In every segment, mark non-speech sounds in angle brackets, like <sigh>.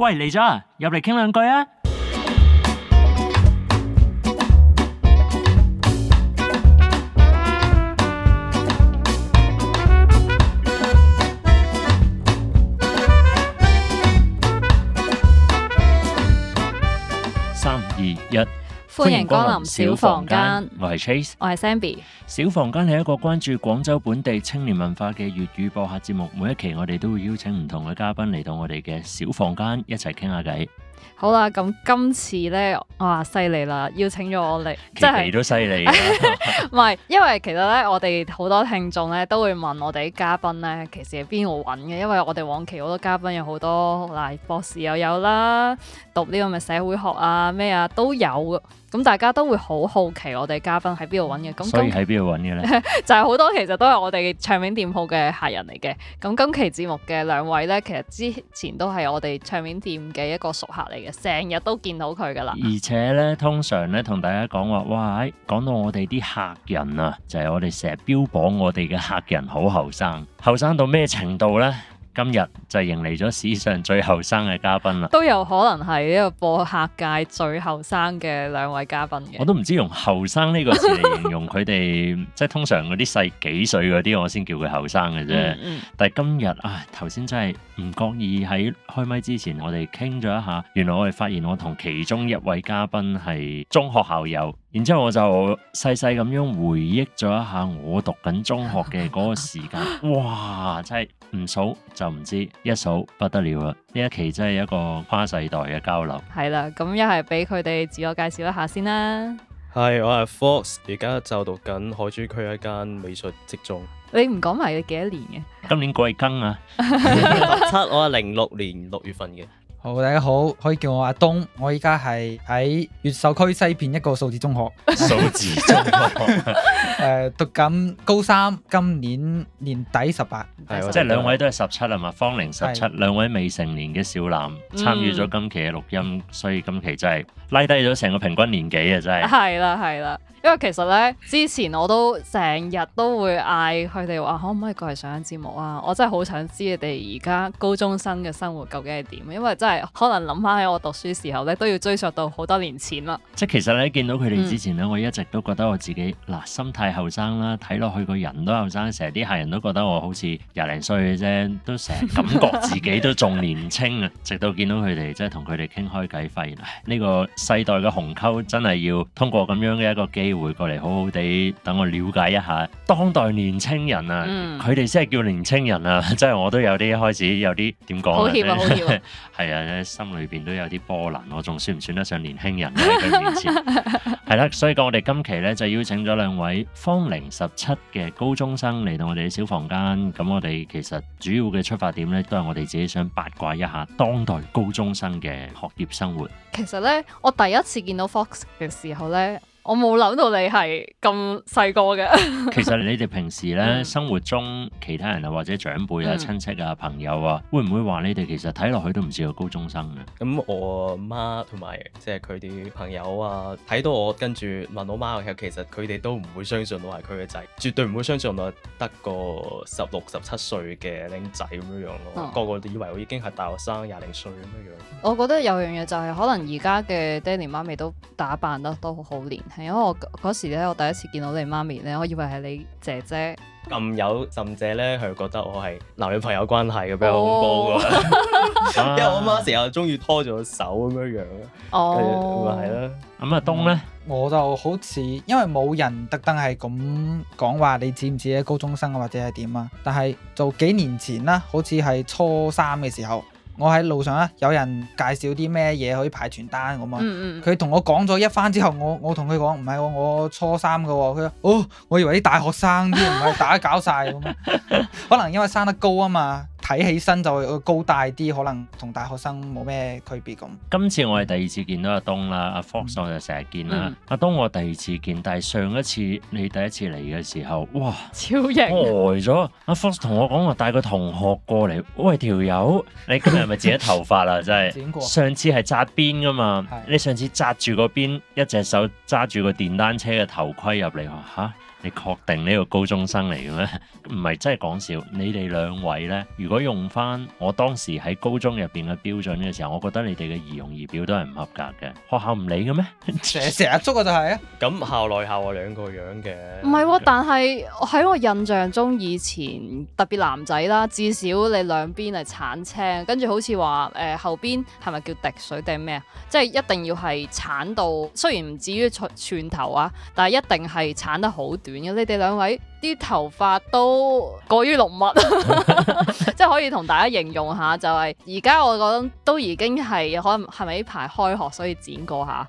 喂，嚟咗啊，入嚟傾兩句啊！三二一。歡迎光臨小房間，我係 Trace，我係 Zenbi。小房間係一個關注廣州本地青年文化嘅粵語播客節目。每一期我哋都會邀請唔同嘅嘉賓嚟到我哋嘅小房間一齊傾下偈。好啦，咁今次咧哇，犀利啦！邀請咗我嚟，真係都犀利。唔係， <laughs> <laughs> 因為其實咧，我哋好多聽眾咧都會問我哋啲嘉賓咧，其實係邊度揾嘅？因為我哋往期好多嘉賓有好多，嗱，博士又有啦，讀呢、呢個咪社會學啊咩啊都有。咁大家都會好好奇我哋嘉賓喺邊度揾嘅，咁所以喺邊度揾嘅呢？ <laughs> 就係好多其實都係我哋唱片店鋪嘅客人嚟嘅。咁今期節目嘅兩位呢，其實之前都係我哋唱片店嘅一個熟客嚟嘅，成日都見到佢噶啦。而且呢，通常呢，同大家講話，哇，講到我哋啲客人啊，就係我哋成日標榜我哋嘅客人好後生，後生到咩程度呢？今日就迎嚟咗史上最後生嘅嘉賓啦，都有可能係呢個播客界最後生嘅兩位嘉賓。我都唔知道用後生呢個詞嚟形容佢哋， <laughs> 即係通常嗰啲細幾歲嗰啲，我先叫佢後生嘅啫。嗯、但係今日啊，頭先真係唔覺意喺開麥之前，我哋傾咗一下，原來我哋發現我同其中一位嘉賓係中學校友。然之後我就細細咁樣回憶咗一下我讀緊中學嘅嗰個時間，哇，真係唔數就唔知，一數不得了啦！呢一期真係一個跨世代嘅交流。係啦，咁一係俾佢哋自我介紹一下先啦。係，我係 Fox，而家就讀緊海珠區一間美術職中。你唔講埋佢幾多年嘅？今年貴庚啊，零七，我係零六年六月份嘅。好，大家好，可以叫我阿東，我依家係喺越秀區西片一個數字中學，數字中學，誒、 <laughs> <laughs> 呃，讀緊高三，今年年底十八的，係即係兩位都係十七啊嘛，芳齡十七，兩位未成年嘅小男參與咗今期嘅錄音，嗯、所以今期真係拉低咗成個平均年紀啊，真係，係啦係啦。因為其實咧，之前我都成日都會嗌佢哋話可唔可以過嚟上一節目啊？我真係好想知你哋而家高中生嘅生活究竟係點，因為真係可能諗翻起我讀書時候咧，都要追溯到好多年前啦。即係其實咧，見到佢哋之前咧，我一直都覺得我自己嗱、嗯、心態後生啦，睇落去個人都後生，成日啲客人都覺得我好似廿零歲嘅啫，都成日感覺自己 <laughs> 都仲年輕啊。直到見到佢哋，即係同佢哋傾開偈，發現呢、呢個世代嘅鴻溝真係要通過咁樣嘅一個機會。會過嚟好好地，等我了解一下當代年輕人啊，佢哋先係叫年輕人啊，即 <laughs> 係我都有啲開始有啲點講，好羨慕、啊，好羨慕、啊。係 <laughs> 啊，心裏邊都有啲波瀾，我仲算唔算得上年輕人啊？係啦， <laughs> <laughs> 所以講我哋今期咧就邀請咗兩位芳齡十七嘅高中生嚟到我哋嘅小房間。咁我哋其實主要嘅出發點咧，都係我哋自己想八卦一下當代高中生嘅學業生活。其實咧，我第一次見到 Fox 嘅時候咧。我冇諗到你係咁細個嘅。其實你哋平時咧、嗯、生活中，其他人啊或者長輩啊、親戚啊、朋友啊，會唔會話你哋其實睇落去都唔似個高中生啊？咁我媽同埋即係佢哋啲朋友啊，睇到我跟住問我媽，其實佢哋都唔會相信我係佢嘅仔，絕對唔會相信我得、嗯、個十六十七歲嘅僆仔咁樣樣咯。個個都以為我已經係大學生廿零歲咁樣樣。我覺得有樣嘢就係、是、可能而家嘅爹哋媽咪都打扮得都好好年輕。係，因為我嗰時咧，我第一次見到你媽咪咧，我以為係你姐姐。咁有甚者咧，佢覺得我係男女朋友關係咁樣，好恐怖咁，因為我媽咪又中意拖住個手咁樣樣。哦、oh.，係啦，咁啊東咧，我就好似因為冇人特登係咁講話，你知唔知咧？高中生或者係點啊？但係就幾年前啦，好似係初三嘅時候。我喺路上有人介紹啲咩嘢可以派傳單咁啊，佢同、嗯、我講咗一番之後，我我同佢講唔係，我初三嘅喎、哦，佢哦，我以為啲大學生添，唔係 <laughs> 打攪曬咁啊，可能因為生得高啊嘛。睇起身就會高大啲，可能同大學生冇咩區別咁。今次我係第二次見到阿東啦，阿 Fox 我就成日見啦。阿東我第二次見，但係上一次你第一次嚟嘅時候，哇，超型！呆咗。阿、啊、Fox 同我講話帶個同學過嚟，喂條友、這個，你今日係咪剪咗頭髮啦，真係、 <laughs> 就是。剪過。上次係紮辮噶嘛？的你上次紮住個辮，一隻手揸住個電單車嘅頭盔入嚟喎你確定呢個高中生嚟嘅咩？唔係真係講笑。你哋兩位呢，如果用翻我當時喺高中入邊嘅標準嘅時候，我覺得你哋嘅儀容儀表都係唔合格嘅。學校唔理嘅咩？成日捉我就係啊。咁 <laughs> 校內校外兩個樣嘅。唔係喎，但係喺我印象中，以前特別男仔啦，至少你兩邊係鏟青，跟住好似話誒後邊係咪叫滴水定咩啊？即係一定要係鏟到，雖然唔至於寸寸頭啊，但係一定係鏟得好。你哋兩位啲頭髮都過於濃密，即係 <laughs> <laughs> 可以同大家形容下，就係而家我講都已經係可能係咪呢排開學所以剪過下，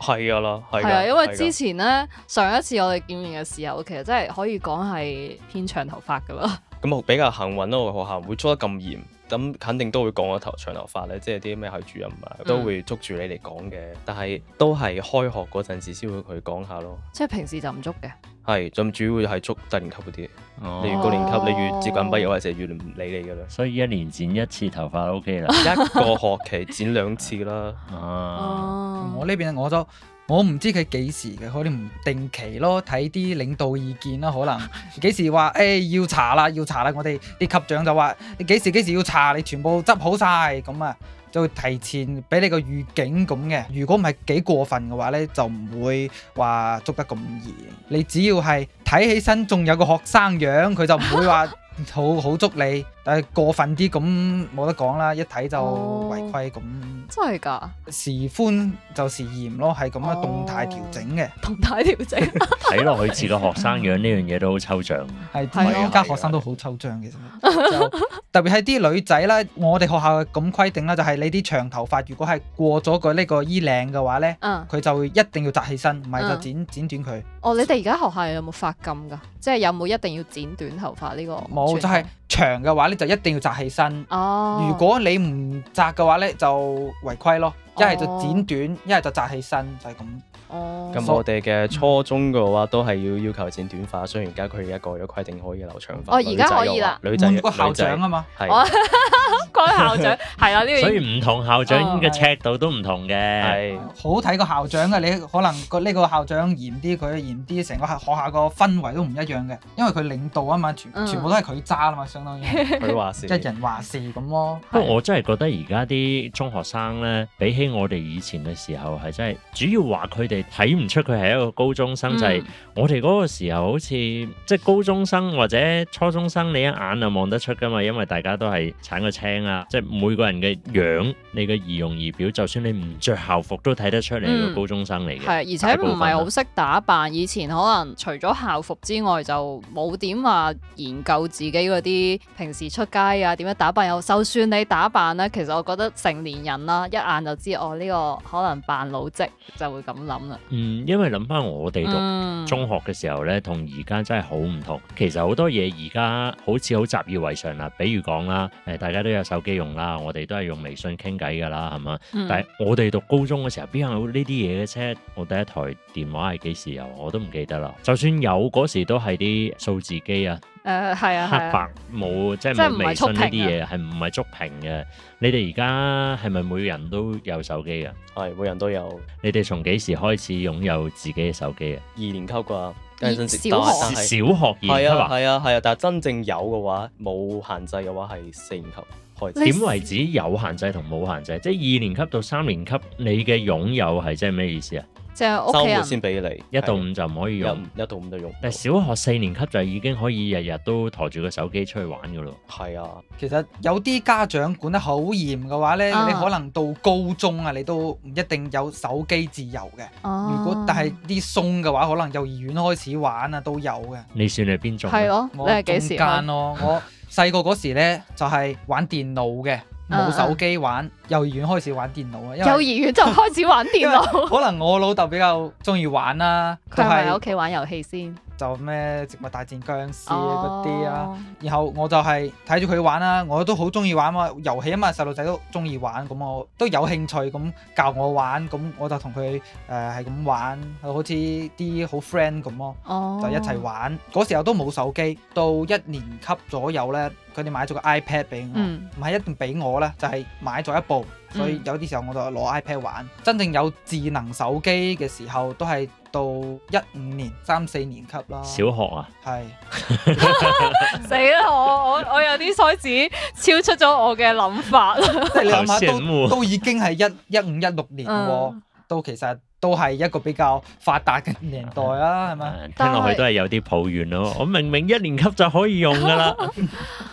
係噶啦，係啊，因為之前咧的上一次我哋見面嘅時候，其實真係可以講係偏長頭髮噶啦。咁啊、嗯嗯、比較幸運咯，我學校唔會捉得咁嚴，咁肯定都會講我頭長頭髮咧，即係啲咩係主任啊都會捉住你嚟講嘅，但係都係開學嗰陣時先會佢講下咯。即係、嗯、平時就唔捉嘅。係，仲主要係捉低年級嗰啲，例如高年級，你越接近畢業或者越唔理你噶啦。所以一年剪一次頭髮 O K 啦，okay、 <laughs> 一個學期剪兩次啦。哦，我呢邊我都我唔知佢幾時嘅，可能唔定期咯，睇啲領導意見啦，可能幾時話誒、 <laughs> 哎，要查啦要查啦，我哋啲級長就話你幾時幾時要查，你全部執好晒咁啊。就會提前俾你個預警咁嘅，如果唔係幾過分嘅話咧，就唔會話捉得咁嚴。你只要係睇起身仲有個學生樣，佢就唔會話好好，好捉你。誒，過分啲咁冇得講啦，一睇就違規咁。真係噶，時寬就時嚴咯，係咁樣，動態調整嘅。動態調整。睇落去似個學生樣呢樣嘢都好抽象。係，而家學生都好抽象，嘅其實。特別係啲女仔啦，我哋學校咁規定啦，就係你啲長頭髮，如果係過咗佢呢個衣領嘅話咧，佢就一定要紮起身，唔係就剪剪短佢。哦，你哋而家學校有冇髮禁噶？即係有冇一定要剪短頭髮呢個？冇，就係。長嘅話咧就一定要紮起身，Oh. 如果你唔紮嘅話咧就違規咯，一係、Oh. 就剪短，一係就紮起身，就係、是、咁。哦，咁我哋嘅初中嘅話都係要要求剪短髮，雖然而家佢一個有規定可以留長髮。哦，而家可以啦，女仔嘅校長啊嘛，係，個校長，係啊，呢個，所以唔同校長嘅尺度都唔同嘅，係，好睇個校長嘅，你可能個呢個校長嚴啲，佢嚴啲，成個學校個氛圍都唔一樣嘅，因為佢領導啊嘛，全全部都係佢揸啦嘛，相當於，佢話事，即係人話事咁咯。不過我真係覺得而家啲中學生咧，比起我哋以前嘅時候係真係，主要話佢哋。睇唔出佢係一個高中生，嗯、就係我哋嗰個時候好，好似即係高中生或者初中生，你一眼就望得出噶嘛，因為大家都係剷個青啊，即、就、係、是、每個人嘅樣，嗯、你嘅儀容儀表，就算你唔着校服都睇得出你係個高中生嚟嘅。係、嗯、而且唔係好識打扮，以前可能除咗校服之外，就冇點話研究自己嗰啲平時出街啊點樣打扮。又，就算你打扮咧，其實我覺得成年人啦，一眼就知我呢、哦這個可能扮老積就會咁諗。嗯，因為諗翻我哋讀中學嘅時候咧，同而家真係好唔同。其實多好多嘢，而家好似好習以為常啦，比如講啦，誒、呃，大家都有手機用啦，我哋都係用微信傾偈噶啦，係嘛。但係我哋讀高中嘅時候，邊有呢啲嘢嘅車？我第一台電話係幾時有？我都唔記得啦。就算有嗰時，都係啲數字機啊。誒係，uh，啊，黑白冇，即係微信呢啲嘢係唔係觸屏嘅？你哋而家係咪每個人都有手機嘅？係每人都有。你哋從幾時開始擁有自己嘅手機啊？二年級啩，但係小學二年級係是啊係啊，啊但係真正有嘅話冇限制嘅話係四年級開始。點是為止有限制同冇限制？即係二年級到三年級，你嘅擁有係即係咩意思啊？就係，週末先俾你，對一到五就唔可以用，一到五都用。但係小學四年級就已經可以日日都抬住個手機出去玩噶咯。係啊，其實有啲家長管得好嚴嘅話咧，啊、你可能到高中啊，你都唔一定有手機自由嘅。啊、如果但係啲鬆嘅話，可能幼兒園開始玩啊都有嘅。你算你邊種？係咯、哦，你係幾時玩咯、啊？我細個嗰時咧 <laughs> 就係玩電腦嘅。冇手機玩，uh, 幼兒園開始玩電腦。幼兒園就開始玩電腦， <laughs> 可能我老豆比較鍾意玩啦、啊，佢咪喺屋企玩遊戲先。就咩植物大戰僵屍嗰啲啊，oh. 然後我就係睇住佢玩啦、啊，我都好中意玩啊，遊戲啊嘛，細路仔都中意玩，咁我都有興趣，咁教我玩，咁我就同佢誒係咁玩，好似啲好 friend 咁咯，oh. 就一齊玩。嗰時候都冇手機，到一年級左右呢，佢哋買咗個 iPad 俾我，唔係、mm. 一定俾我咧，就係、是、買咗一部。所以有啲時候我就攞 iPad 玩，真正有智能手機嘅時候都係到一五年三四年級啦。小學啊，係死啦！我我我有啲開始超出咗我嘅諗法。即 <laughs> 你諗下，都都已經係一一五一六年喎，都、 <laughs> 嗯、其實。都係一個比較發達嘅年代啦，係咪？聽落去都係有啲抱怨咯。是我明明一年級就可以用噶啦，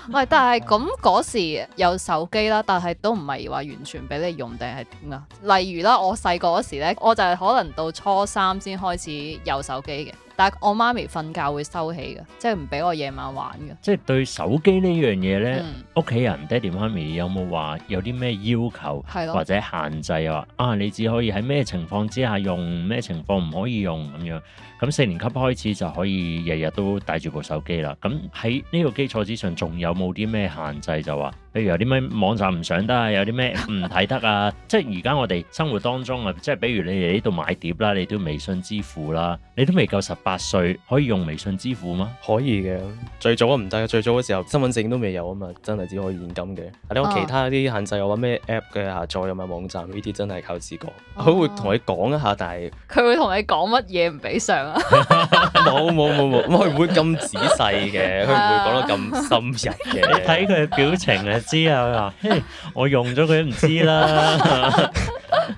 唔係，但係咁嗰時有手機啦，但係都唔係話完全俾你用定係點啊？例如啦，我細個嗰時咧，我就係可能到初三先開始有手機嘅。但係我媽咪瞓覺會收起嘅，即係唔俾我夜晚玩嘅。即係對手機呢樣嘢呢，屋企、嗯、人爹哋媽咪有冇話有啲咩要求，的或者限制啊？啊，你只可以喺咩情況之下用，咩情況唔可以用咁樣？咁四年級開始就可以日日都帶住部手機啦。咁喺呢個基礎之上，仲有冇啲咩限制？就話，比如有啲咩網站唔上得啊，有啲咩唔睇得啊？即係而家我哋生活當中啊，即係比如你哋呢度買碟啦，你都微信支付啦，你都未夠十八歲，可以用微信支付嗎？可以嘅，最早唔得嘅，最早嘅時候身份證都未有啊嘛，真係只可以現金嘅。你講其他啲限制，oh. 我話咩 app 嘅下載有冇網站？呢啲真係靠自覺。佢、oh. 會同你講一下，但係佢會同你講乜嘢唔俾上冇冇冇冇，佢唔 <laughs> 會咁仔細嘅，佢唔 <laughs> 會講得咁深入嘅。睇佢嘅表情就知佢啦。佢話 Hey, 我用咗佢都唔知啦。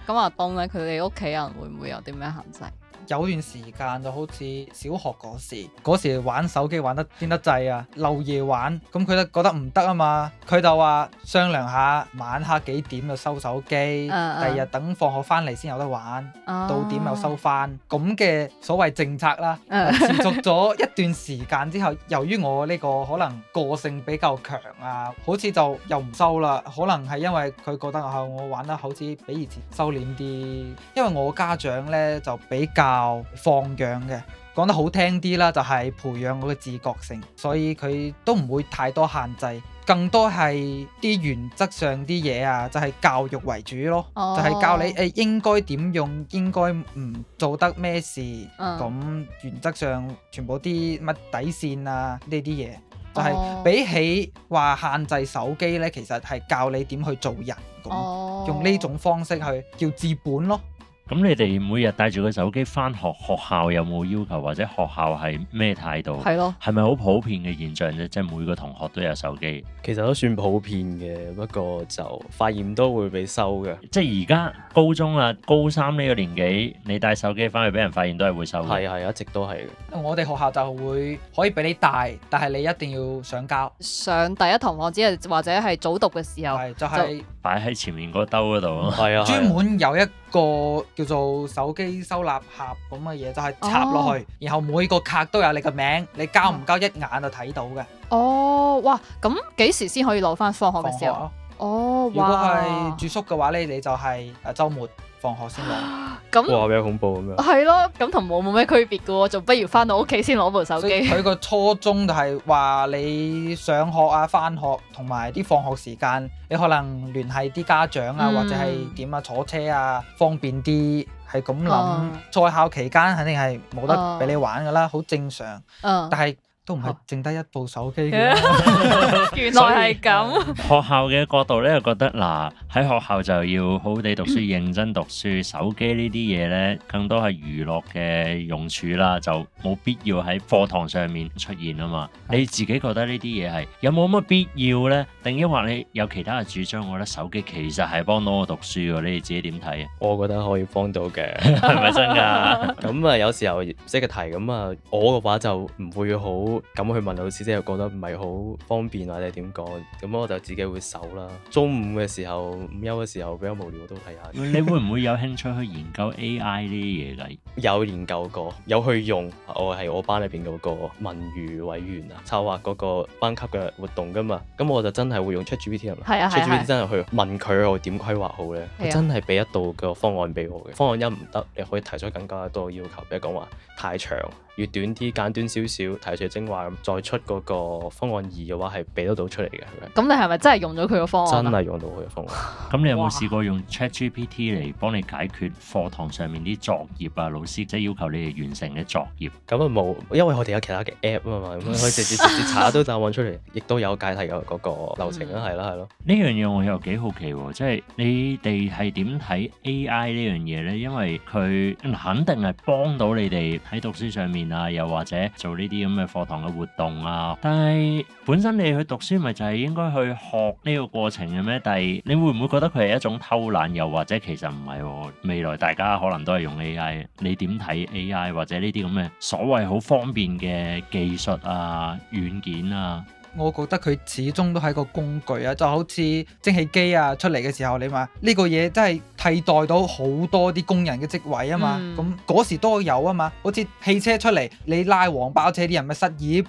咁 <laughs> <laughs> <laughs> 阿東咧，佢哋屋企人會唔會有啲咩限制？有段時間就好似小學嗰時，嗰時玩手機玩得癲得滯啊，漏夜玩，咁佢都覺得唔得啊嘛，佢就話商量下晚黑幾點就收手機，uh uh. 第二日等放學翻嚟先有得玩，uh uh. 到點又收翻咁嘅所謂政策啦。持續咗一段時間之後，uh uh. <laughs> 由於我呢個可能個性比較強啊，好似就又唔收啦，可能係因為佢覺得我玩得好似比以前收斂啲，因為我家長呢就比較。放養嘅，講得好聽啲啦，就係、是、培養我嘅自覺性，所以佢都唔會太多限制，更多係啲原則上啲嘢啊，就係、是、教育為主咯，哦、就係教你誒、欸、應該點用，應該唔做得咩事，咁、嗯、原則上全部啲乜底線啊呢啲嘢，就係、是、比起話限制手機呢，其實係教你點去做人，咁、哦、用呢種方式去叫治本咯。咁、嗯、你哋每日帶住個手機翻學，學校有冇要求或者學校係咩態度？係咯的，係咪好普遍嘅現象啫？即係每個同學都有手機，其實都算普遍嘅。不過就發現都會被收嘅。即係而家高中啦，高三呢個年紀，你帶手機翻去俾人發現都係會收嘅。係，係，一直都係。我哋學校就會可以俾你帶，但係你一定要上交。上第一堂課之後，或者係早讀嘅時候，就係擺喺前面嗰兜嗰度。係啊， <laughs> 專門有一個。叫做手機收納盒咁嘅嘢，就係、是、插落去，oh. 然後每個卡都有你嘅名字，你交唔交一眼就睇到嘅。哦，oh, 哇！咁幾時先可以攞返？放學嘅時候？哦、啊，oh, 哇如果係住宿嘅話咧，你就係周末。放學先攞，咁哇、嗯、比較恐怖咁樣，係咯，咁同我冇咩區別嘅喎，仲不如翻到屋企先攞部手機。佢個初衷就係話你上學啊、翻學同埋啲放學時間，你可能聯繫啲家長啊，嗯、或者係點啊坐車啊方便啲，係咁諗。啊、在校期間肯定係冇得俾你玩嘅啦，好、啊、正常。嗯、啊，但係。都唔係淨得一部手機嘅，原來係咁以。 <laughs> 學校嘅角度咧，我覺得嗱喺、呃、學校就要好好地讀書、 <laughs> 認真讀書，手機呢啲嘢咧，更多係娛樂嘅用處啦，就冇必要喺課堂上面出現啊嘛。你自己覺得呢啲嘢係有冇乜必要咧？定抑或你有其他嘅主張？我覺得手機其實係幫到我讀書嘅，你哋自己點睇啊？我覺得可以幫到嘅， <laughs> <laughs> 係咪真㗎？咁啊，有時候識個題咁啊，我嘅話就唔會好。咁去問老師，即係覺得唔係好方便或者點講，咁我就自己會搜啦。中午嘅時候，午休嘅時候比較無聊，我都睇下、啊。 <laughs> 你會唔會有興趣去研究 AI 呢啲嘢㗎？有研究過，有去用。我係我班裏邊嗰個文娛委員啊，策劃嗰個班級嘅活動㗎嘛。咁我就真係會用 ChatGPT 啊，ChatGPT 真係去問佢我點規劃好咧，啊、我真係俾一道個方案俾我嘅。方案一唔得，你可以提出更加多要求，比如講話太長，越短啲、簡短少少，提取精，話再出嗰個方案二嘅話，係俾得到出嚟嘅。咁、嗯、你係咪真係用咗佢個方案？真係用到佢嘅方案。咁 <laughs> 你有冇試過用 ChatGPT 嚟幫你解決課堂上面啲作業啊？老師即係要求你哋完成嘅作業？咁啊，冇，因為我哋有其他嘅 app 啊嘛，咁可以直接直接查到答案出嚟，亦都 <laughs> 有解題嘅嗰個流程啊，係咯係咯。呢樣嘢我又幾好奇喎，即係你哋係點睇 AI 呢樣嘢咧？因為佢肯定係幫到你哋喺讀書上面啊，又或者做呢啲咁嘅課堂嘅活動啊，但係本身你去讀書咪就係應該去學呢個過程嘅咩？但係你會唔會覺得佢係一種偷懶？又或者其實唔係喎？未來大家可能都係用 AI，你點睇 AI 或者呢啲咁嘅所謂好方便嘅技術啊、軟件啊？我覺得佢始終都係個工具啊，就好似蒸汽機啊出嚟嘅時候，你話呢、這個嘢真係替代到好多啲工人嘅職位啊嘛。咁嗰、嗯嗯、時都有啊嘛，好似汽車出嚟，你拉黃包車啲人咪失業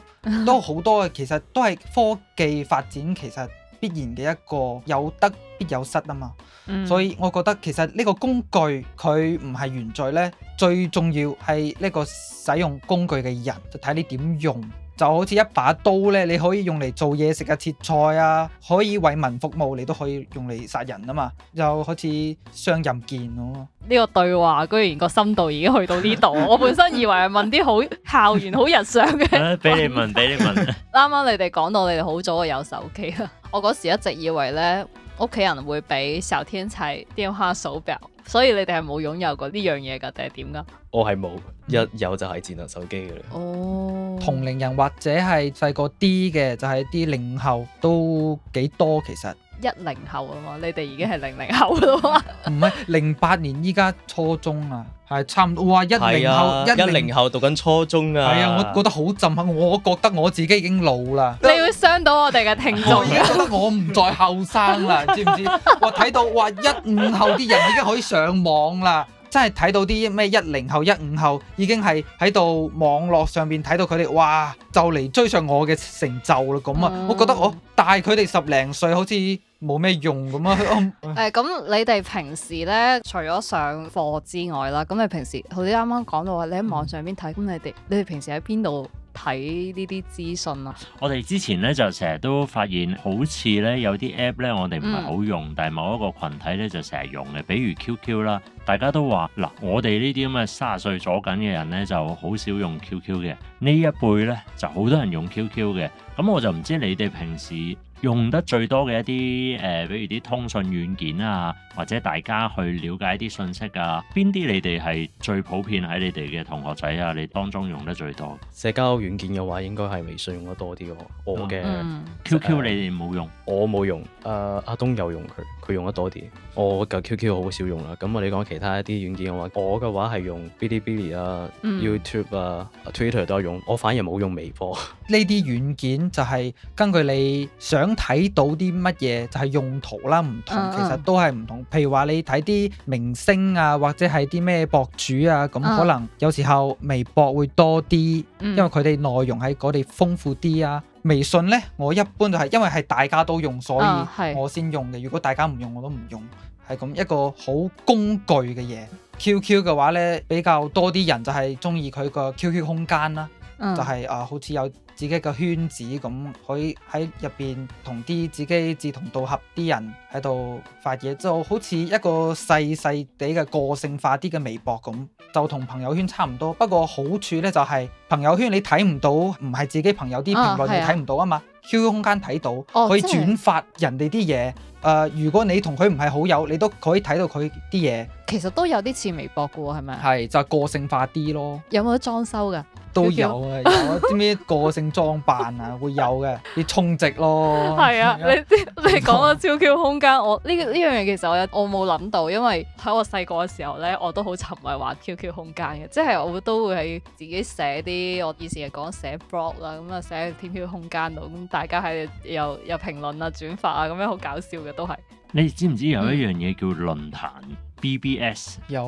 都好多嘅。其實都係科技發展其實必然嘅一個有得必有失啊嘛。嗯、所以我覺得其實呢個工具佢唔係原罪呢。最重要係呢個使用工具嘅人，就睇你點用。就好似一把刀咧，你可以用嚟做嘢食啊切菜啊，可以為民服務，你都可以用嚟殺人啊嘛！就好似雙刃劍咁。呢個對話居然個深度已經去到呢度， <laughs> 我本身以為係問啲好校園、好 <laughs> 日常嘅。俾 <laughs> 你問，俾你問。啱 <laughs> 啱 <laughs> 你哋講到你哋好早啊有手機啊，我嗰時一直以為咧。屋企人會俾小天才電話手錶，所以你哋係冇擁有過呢樣嘢㗎，定係點㗎？我係冇，一有就係智能手機㗎啦。哦，同齡人或者係細個啲嘅，就係啲零後都幾多，其實。一零後啊嘛，你哋已經係零零後啦嘛。唔係零八年依家初、啊、初中啊，係差唔多哇，一零後一零後讀緊初中啊。係啊，我覺得好震撼，我覺得我自己已經老啦。你會傷到我哋嘅聽眾。 <laughs> 我覺得我唔再後生啦，知唔知？我睇到哇，一五後啲人已經可以上網啦。真係睇到啲咩一零後一五後已經係喺度網絡上面睇到佢哋，哇！就嚟追上我嘅成就啦咁啊！嗯、我覺得、哦、我大佢哋十零歲好似冇咩用咁啊！誒，咁、呃、你哋平時咧除咗上課之外啦，咁你平時好似啱啱講到話你喺網上邊睇，咁、嗯、你哋你哋平時喺邊度？睇呢啲資訊啊！我哋之前咧就成日都發現，好似咧有啲 app 咧，我哋唔係好用，嗯、但係某一個群體咧就成日用嘅，比如 QQ 啦，大家都話嗱，我哋呢啲咁嘅三十歲左緊嘅人咧，就好少用 QQ 嘅，呢一輩咧就好多人用 QQ 嘅，咁我就唔知你哋平時，用得最多嘅一啲誒、呃，比如啲通訊軟件啊，或者大家去了解一啲信息啊，邊啲你哋係最普遍喺你哋嘅同學仔啊？你當中用得最多？社交軟件嘅話應該係微信用得多啲我嘅、uh huh. uh, QQ 你哋冇用，我冇用。誒、uh,，阿東有用佢。佢用得多啲，我嘅 QQ 好少用啦。咁我你講其他一啲軟件嘅話，我嘅話係用 Bilibili 啊、嗯、YouTube 啊、Twitter 都有用，我反而冇用微博。呢啲軟件就係根據你想睇到啲乜嘢，就係用途啦，唔同，uh, uh. 其實都係唔同。譬如話你睇啲明星啊，或者係啲咩博主啊，咁可能有時候微博會多啲，因為佢哋內容喺嗰度豐富啲啊。微信呢，我一般就係、是、因為係大家都用，所以我先用嘅。如果大家唔用，我都唔用。係咁一個好工具嘅嘢。QQ 嘅話呢，比較多啲人就係鍾意佢個 QQ 空間啦，嗯、就係、是、啊、呃，好似有。自己嘅圈子咁，可以喺入邊同啲自己志同道合啲人喺度發嘢，就好似一個細細哋嘅個性化啲嘅微博咁，就同朋友圈差唔多。不過好處咧就係、是、朋友圈你睇唔到，唔係自己朋友啲評論，你睇唔到啊嘛。QQ、哦、空間睇到可以轉發人哋啲嘢，誒、哦呃，如果你同佢唔係好友，你都可以睇到佢啲嘢。其實都有啲似微博噶喎，係咪？係就個性化啲咯。有冇得裝修噶？都有嘅， <laughs> 有啲咩個性裝扮啊， <laughs> 會有嘅。要充值咯。係啊，你知你講到 QQ 空間，我呢呢樣嘢其實我我冇諗到，因為喺我細個嘅時候咧，我都好沉迷玩 QQ 空間嘅，即係我都會喺自己寫啲我以前係講寫 blog 啦，咁啊寫喺 QQ 空間度，咁大家係又又評論啊、轉發啊，咁樣好搞笑嘅都係。你知唔知有一樣嘢叫論壇？嗯 BBS 有，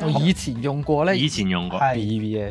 我以前用過咧，以前用過，係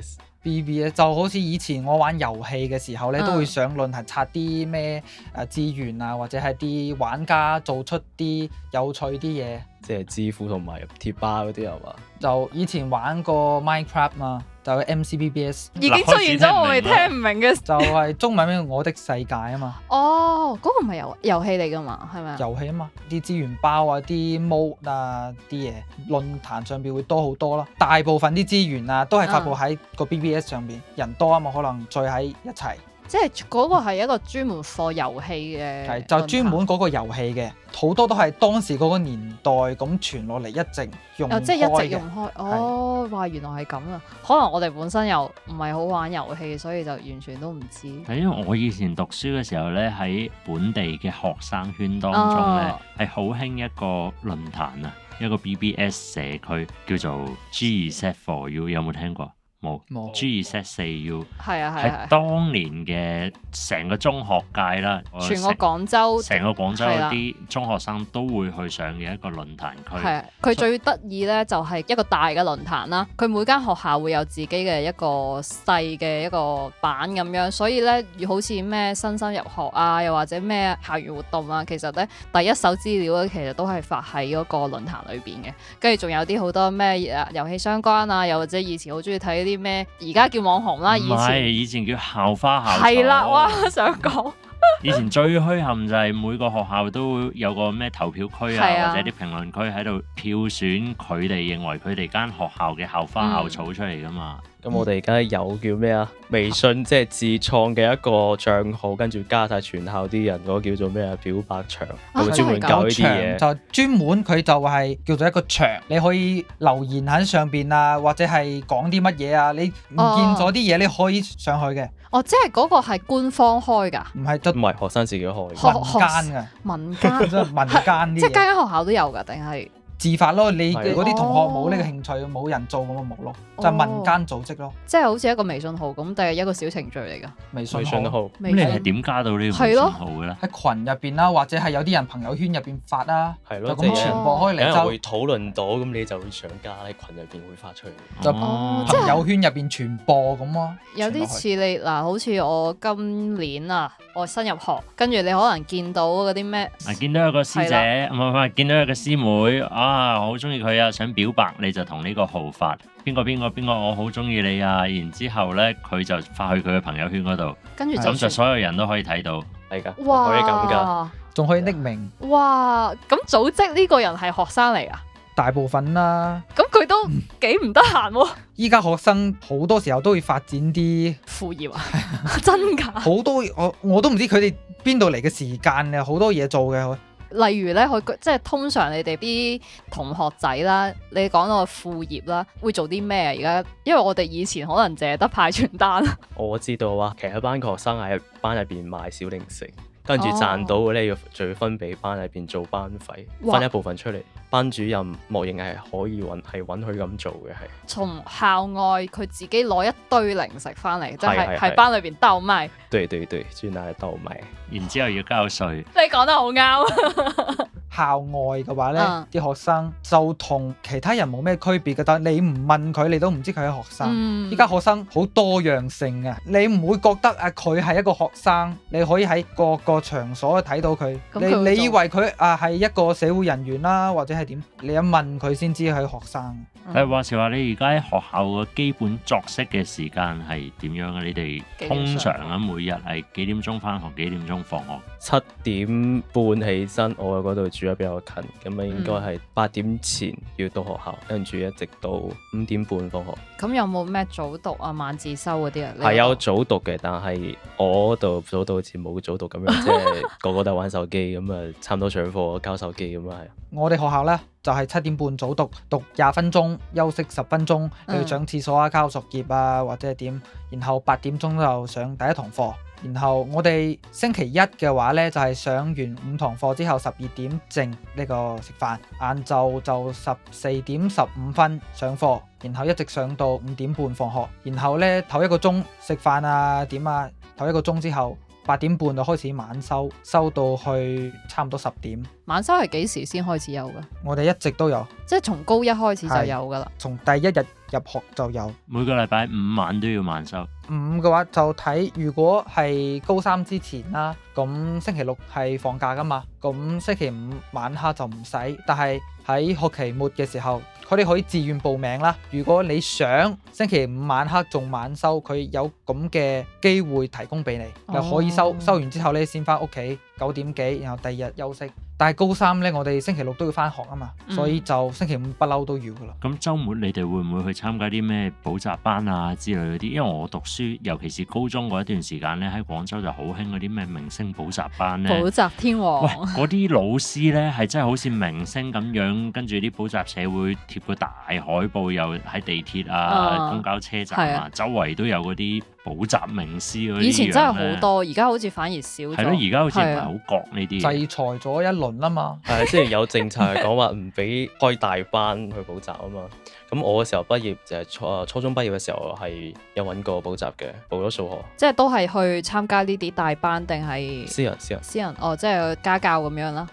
是 BBS，BBS 就好似以前我玩遊戲嘅時候咧，嗯、都會上論壇刷啲咩啊資源啊，或者係啲玩家做出啲有趣啲嘢。即係知乎同埋貼吧嗰啲係嘛？就以前玩過 Minecraft 嘛。就 MCBBS 已經出現咗，我未聽唔明嘅。就係中文名，我的世界啊嘛。 <laughs> 哦，嗰、那個唔係遊遊戲嚟㗎嘛，係咪啊？遊戲啊嘛，啲資源包啊、啲 mode 啊、啲嘢，論壇上面會多好多啦。大部分啲資源啊，都係發布喺個 BBS 上面，嗯、人多啊嘛，可能聚喺一齊。即係嗰個係一個專門放遊戲嘅，係就專門嗰個遊戲嘅，好 <laughs> 多都係當時嗰個年代咁傳落嚟，一直用 <laughs> 即係一直用開。哦，哇，原來係咁啊！可能我哋本身又唔係好玩遊戲，所以就完全都唔知。係因為我以前讀書嘅時候咧，喺本地嘅學生圈當中咧係好興一個論壇啊，一個 BBS 社區叫做 GZ4U，有冇聽過？冇 G 二 set 四 U 係啊，係係，喺當年嘅成個中學界啦，全個廣州成個廣州啲中學生都會去上嘅一個論壇區。係啊，佢最得意咧，就係一個大嘅論壇啦。佢每間學校會有自己嘅一個細嘅一個版咁樣，所以咧，好似咩新生入學啊，又或者咩校園活動啊，其實咧第一手資料咧，其實都係發喺個論壇裏邊嘅。跟住仲有啲好多咩啊遊戲相關啊，又或者以前好中意睇啲。啲咩而家叫網紅啦，以前是以前叫校花校草。係啦，我想講， <laughs> 以前最虛憾就係每個學校都會有個咩投票區啊，啊或者啲評論區喺度票選佢哋認為佢哋間學校嘅校花校草出嚟噶嘛。嗯咁我哋而家有叫咩啊？微信即係自創嘅一個賬號，跟住加晒全校啲人嗰個叫做咩啊？表白牆，專、啊、門搞啲嘢，啊、就專門佢就係叫做一個牆，你可以留言喺上邊啊，或者係講啲乜嘢啊，你唔見咗啲嘢，你可以上去嘅、哦。哦，即係嗰個係官方開噶？唔係，都唔係學生自己開，間 <laughs> 民間啊，民間 <laughs> 民間啲即係間間學校都有噶，定係？自發咯，你如啲同學冇呢個興趣，冇、哦、人做咁就目咯，就是、民間組織咯，哦、即係好似一個微信號咁，但係一個小程序嚟㗎。微信號，信號你係點加到個微信呢個號㗎咧？喺咯群入邊啦，或者係有啲人朋友圈入邊發啊，咯就咁傳播可嚟收。有人會，會討論到咁，你就會想加喺群入邊會發出嚟，就朋友圈入邊傳播咁啊。哦、有啲似你嗱，好似我今年啊，我新入學，跟住你可能見到嗰啲咩啊，見到一個師姐，唔的、啊、見到一個師妹、啊啊！我好中意佢啊，想表白你就同呢個號發，邊個邊個邊個，我好中意你啊！然之後呢，佢就發去佢嘅朋友圈嗰度，跟住就，就所有人都可以睇到，係噶哇，可以咁噶，仲可以匿名。哇！咁組織呢個人係學生嚟啊？大部分啦、啊。咁佢都幾唔得閒。依家、嗯、學生好多時候都會發展啲副業啊， <laughs> 真噶的。好 <laughs> 多我我都唔知佢哋邊度嚟嘅時間啊，好多嘢做嘅。例如咧，佢即係通常你哋啲同學仔啦，你講到副業啦，會做啲咩？而家因為我哋以前可能淨係得派傳單。我知道啊，其實一班學生喺班入邊賣小零食。跟住賺到嘅咧，要就要分俾班裏邊做班費，哇分一部分出嚟。班主任默認係可以允係允許咁做嘅，係從校外佢自己攞一堆零食翻嚟，對對對即係喺班裏邊兜賣。對對對，專登係兜賣，然之後要交稅。你講得好啱。 <laughs> .校外嘅話呢啲學生就同其他人冇咩區別嘅，但係你唔問佢，你都唔知佢係學生。依家、嗯、學生好多樣性嘅，你唔會覺得啊，佢係一個學生，你可以喺各個場所睇到佢。嗯、你你以為佢啊係一個社會人員啦，或者係點？你一問佢先知佢係學生。第、嗯、話時話，你而家喺學校嘅基本作息嘅時間係點樣嘅？你哋通常嘅每日係幾點鐘返學，幾點鐘放學？七點半起身，我喺嗰度住得比較近，咁啊應該係八點前要到學校，跟住一直到五點半放學。咁有冇咩早讀啊、晚自修嗰啲人？係有早讀嘅，但係我嗰度早到好似冇早讀咁樣，即係 <laughs> 個個都玩手機，咁啊差唔多上課交手機咁啊係。 <laughs> 我哋學校咧。就係七點半早讀，讀廿分鐘，休息十分鐘，你要、嗯、上廁所啊、交作業啊或者係點，然後八點鐘就上第一堂課，然後我哋星期一嘅話呢，就係、是、上完五堂課之後十二點正呢、這個食飯，晏晝就十四點十五分上課，然後一直上到五點半放學，然後呢，唞一個鐘食飯啊點啊，唞一個鐘之後。八點半就開始晚修，修到去差唔多十點。晚修係幾時先開始有噶？我哋一直都有，即係從高一開始就有噶啦，從第一日入學就有。每個禮拜五晚都要晚修。五嘅話就睇，如果係高三之前啦，咁星期六係放假噶嘛，咁星期五晚黑就唔使。但係喺學期末嘅時候。佢哋可以自願報名啦。如果你想星期五晚黑仲晚修，佢有咁嘅機會提供俾你，你、oh. 可以收。收完之後咧，先返屋企九點幾，然後第二日休息。但係高三呢，我哋星期六都要翻學啊嘛，所以就星期五不嬲都要噶啦。咁週、嗯、末你哋會唔會去參加啲咩補習班啊之類嗰啲？因為我讀書，尤其是高中嗰一段時間呢，喺廣州就好興嗰啲咩明星補習班呢。補習天王。喂，嗰啲老師呢，係真係好似明星咁樣，跟住啲補習社會貼個大海報，又喺地鐵啊、公、啊、交車站啊，的周圍都有嗰啲。補習名師啲，以前真係好多，而家好似反而少咗。係咯，而家好似唔係好覺呢啲。制裁咗一輪啊嘛，係、 <laughs> 啊、即係有政策係講話唔俾開大班去補習啊嘛。咁我嘅時候畢業就係初初中畢業嘅時候係有揾過補習嘅，補咗數學。即係都係去參加呢啲大班定係？私人私人，私人哦，即係家教咁樣啦。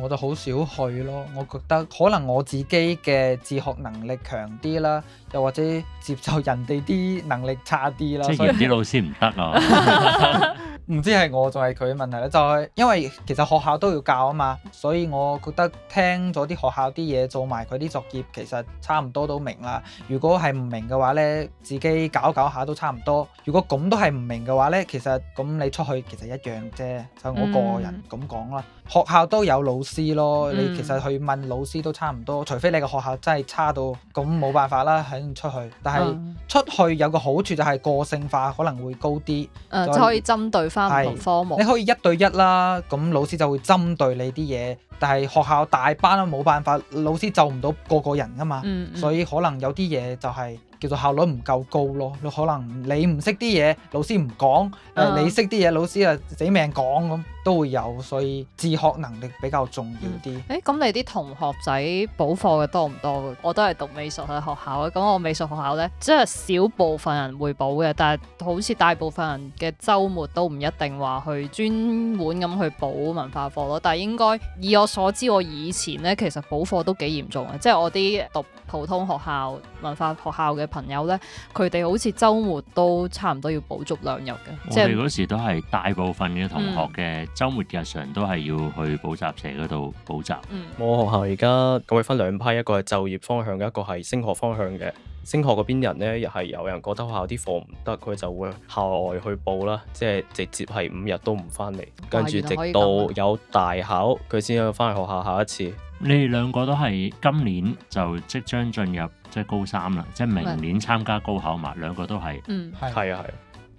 我就好少去咯，我覺得可能我自己嘅自學能力強啲啦，又或者接受人哋啲能力差啲啦。即係是啲以老師唔得啊？唔 <laughs> 知係我仲係佢問題咧？就係、是、因為其實學校都要教啊嘛，所以我覺得聽咗啲學校啲嘢，做埋佢啲作業，其實差唔多都明啦。如果係唔明嘅話呢，自己搞搞下都差唔多。如果咁都係唔明嘅話呢，其實咁你出去其實一樣啫。就我個人咁講啦。嗯學校都有老師咯，你其實去問老師都差唔多，嗯、除非你嘅學校真係差到咁冇辦法啦，肯定出去。但係出去有個好處就係個性化可能會高啲，誒，即可以針對翻唔同科目。你可以一對一啦，咁老師就會針對你啲嘢。但係學校大班都，冇辦法，老師就唔到個個人噶嘛，嗯嗯、所以可能有啲嘢就係叫做效率唔夠高咯。可能你唔識啲嘢，老師唔講；誒、嗯，你識啲嘢，老師啊死命講咁。都會有，所以自學能力比較重要啲。誒、嗯，咁你啲同學仔補課嘅多唔多？我都係讀美術嘅學校，咁我美術學校呢，即係少部分人會補嘅，但係好似大部分人嘅周末都唔一定話去專門咁去補文化課咯。但係應該以我所知，我以前呢其實補課都幾嚴重嘅，即係我啲讀普通學校、文化學校嘅朋友呢，佢哋好似周末都差唔多要補足兩日嘅。我哋嗰時都係大部分嘅同學嘅、嗯。周末日常都係要去補習社嗰度補習。嗯，我學校而家咁佢分兩批，一個係就業方向嘅，一個係升學方向嘅。升學嗰邊人呢，又係有人覺得學校啲課唔得，佢就會校外去報啦，即係直接係五日都唔翻嚟，跟住直到有大考，佢先去翻去學校考一次。你哋兩個都係今年就即將進入即係、就是、高三啦，即、就、係、是、明年參加高考嘛？兩個都係，嗯，係啊的，係。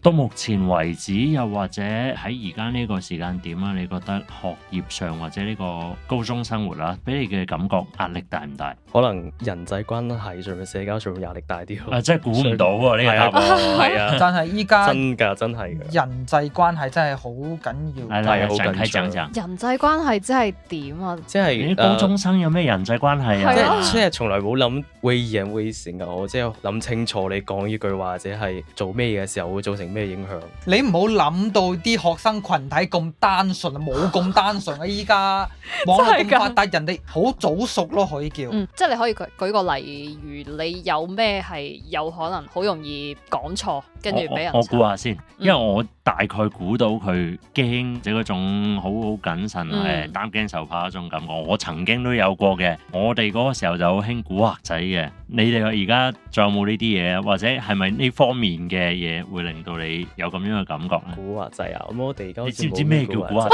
到目前為止，又或者喺而家呢個時間點啦，你覺得學業上或者呢個高中生活啦，俾你嘅感覺壓力大唔大？可能人際關係上面、社交上面壓力大啲。啊，真係估唔到喎呢個答案，係啊！但係依家真㗎，真係嘅。人際關係真係好緊要，係係好緊張。人際關係真係點啊？即係高中生有咩人際關係？即係從來冇諗 wearing 嘅我，即係諗清楚你講呢句話或者係做咩嘅時候會造成咩影響？你唔好諗到啲學生群體咁單純，冇咁單純啊！依家 <laughs> 網絡咁發達，的人哋好早熟咯，可以叫。嗯，即係你可以舉舉個例如，你有咩係有可能好容易講錯？我我估下先，因為我大概估到佢驚或者嗰種好好謹慎誒擔驚受怕嗰種感覺，我曾經都有過嘅。我哋嗰個時候就好興古惑仔嘅，你哋而家仲有冇呢啲嘢或者係咪呢方面嘅嘢會令到你有咁樣嘅感覺咧？古惑仔啊！咁我哋而家你知唔知咩叫古惑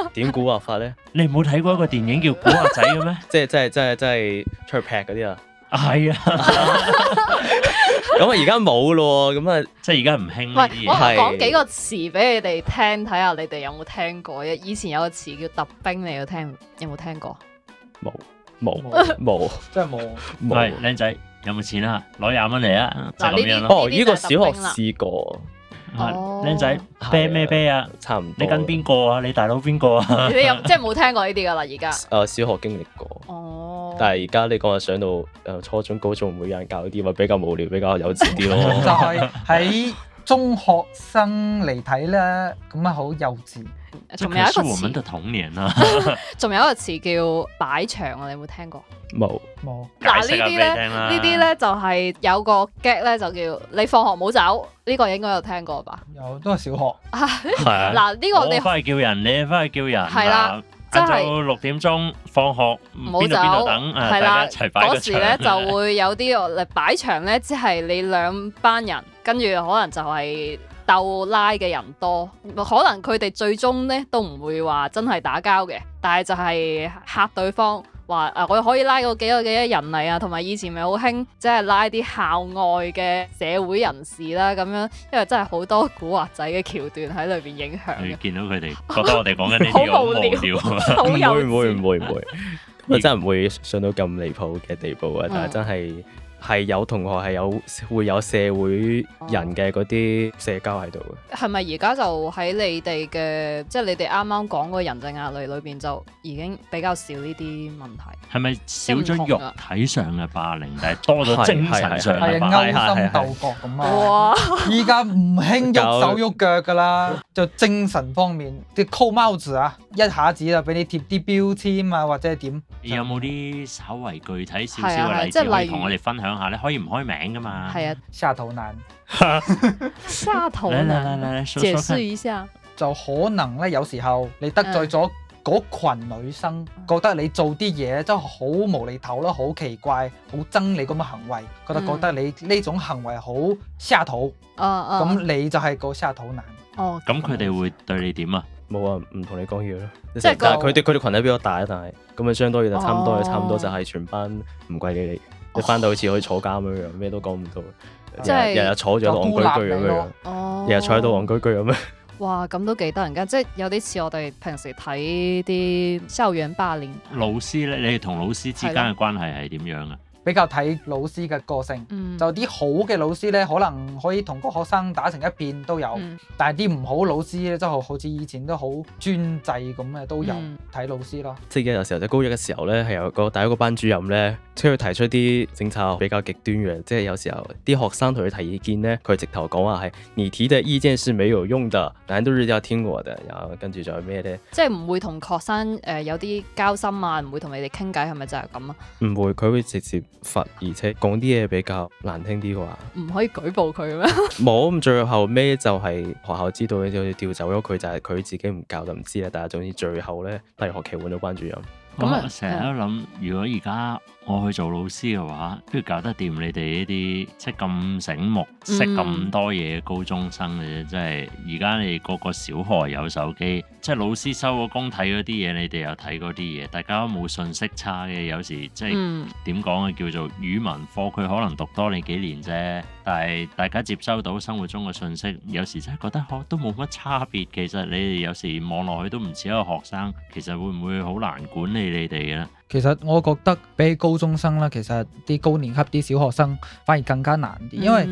仔？點古惑法咧？你冇睇過一個電影叫《古惑仔》嘅咩？即係即係即係即係出去劈嗰啲啊！啊係啊！咁啊，而家冇咯喎，咁啊，即係而家唔興啲。係講幾個詞俾你哋聽，睇下你哋有冇聽過？一以前有個詞叫特兵」，你有聽有冇聽過？冇冇冇， <laughs> 有真係冇。唔係有，靚仔，有冇錢啊？攞廿蚊嚟啊！啊就咁樣咯、啊。呢、哦呢個小學試過。Oh. 啊，靚仔啤咩啤啊，差唔，你跟邊個啊？你大佬邊個啊？ <laughs> <laughs> 你有即係冇聽過呢啲㗎啦？而家，誒、 <laughs> 呃、小學經歷過，哦、oh.，但係而家你講話上到誒初中高中會有人教啲，咪比較無聊，比較幼稚啲咯。就係喺中學生嚟睇咧，咁啊好幼稚。仲有一個詞，仲 <laughs> 有一個詞叫擺場啊！你有冇聽過？冇冇。嗱、啊、呢啲咧，呢啲咧就係、是、有個 gag 咧，就叫你放學冇走。呢、這個應該有聽過吧？有都係小學。係 <laughs> 啊。嗱、這、呢個你翻去叫人，你翻去叫人。係啦、啊。即係六點鐘放學，邊度邊度等？係啦、啊。嗰時咧就會有啲誒擺場咧，即、就、係、是、你兩班人跟住可能就係、是。.鬥拉嘅人多，可能佢哋最終咧都唔會話真係打交嘅，但係就係吓對方話誒，我可以拉個幾多幾多人嚟啊，同埋以前咪好興即係拉啲校外嘅社會人士啦，咁樣因為真係好多古惑仔嘅橋段喺裏邊影響。你見到佢哋覺得我哋講緊呢啲好無聊，唔會唔會唔會唔會，我真係唔會信到咁離譜嘅地步啊！但係真係。係有同學係有會有社會人嘅嗰啲社交喺度嘅。係咪而家就喺你哋嘅，即係你哋啱啱講嗰個人際壓力裏邊，就已經比較少呢啲問題？係咪少咗肉體上嘅霸凌，但係多咗精神上嘅 <laughs> 勾心鬥角咁啊？哇，依家唔興喐手喐腳㗎啦， <laughs> 就精神方面啲 call mouth 啊，一下子就俾你貼啲標籤啊，或者點？你有冇啲稍為具體少少嘅例子嚟同我哋分享？就是你可以唔開名噶嘛？係啊，下頭男，下頭男，嚟嚟嚟嚟，解釋一下，就可能咧有時候你得罪咗嗰群女生，覺得你做啲嘢真係好無厘頭啦，好奇怪，好憎你咁嘅行為，覺得覺得你呢種行為好下頭，哦，咁你就係個下頭男，哦，咁佢哋會對你點啊？冇啊，唔同你講嘢咯，即係佢哋佢哋群體比較大啊，但係咁啊，相當於就差唔多嘅，差唔多就係全班唔怪你你。你翻到好似可以坐監咁樣，咩都講唔到，即係日日坐住戇居居咁樣樣，日日坐喺度戇居居咁樣。哦、哇，咁都幾得人㗎！即係有啲似我哋平時睇啲校園八年。老師咧，你哋同老師之間嘅關係係點樣啊？比較睇老師嘅個性，嗯、就啲好嘅老師咧，可能可以同個學生打成一片都有，嗯、但係啲唔好老師咧，即係好似以前都好專制咁嘅都有，睇、嗯、老師咯。即係有時候就高一嘅時候咧，係有個第一個班主任咧，出佢提出啲政策比較極端嘅，即、就、係、是、有時候啲學生同佢提意見咧，佢直頭講話係你提嘅意見是沒有用的，人都是要聽我的。」然後跟住就係咩咧？即係唔會同學生誒、呃、有啲交心啊，唔會同你哋傾偈，係咪就係咁啊？唔會，佢會直接。罰，而且講啲嘢，比較難聽啲嘅話，唔可以舉報佢咩？冇 <laughs> 咁最後咩就係學校知道，你就調走咗佢，就係佢、就是、自己唔教就唔知啦。但係總之最後咧，第二學期換咗班主任。咁我成日都諗如果而家。我去做老師嘅話，不如搞得掂你哋呢啲即係咁醒目、識咁多嘢嘅高中生嘅啫。嗯、即係而家你個個小學有手機，即係老師收咗工睇嗰啲嘢，你哋又睇嗰啲嘢，大家都冇信息差嘅。有時即係點講啊？叫做語文課，佢可能讀多你幾年啫，但係大家接收到生活中嘅信息，有時真係覺得可、哦、都冇乜差別。其實你哋有時望落去都唔似一個學生，其實會唔會好難管理你哋咧？其實我覺得比起高中生啦，其實啲高年級啲小學生反而更加難啲，因為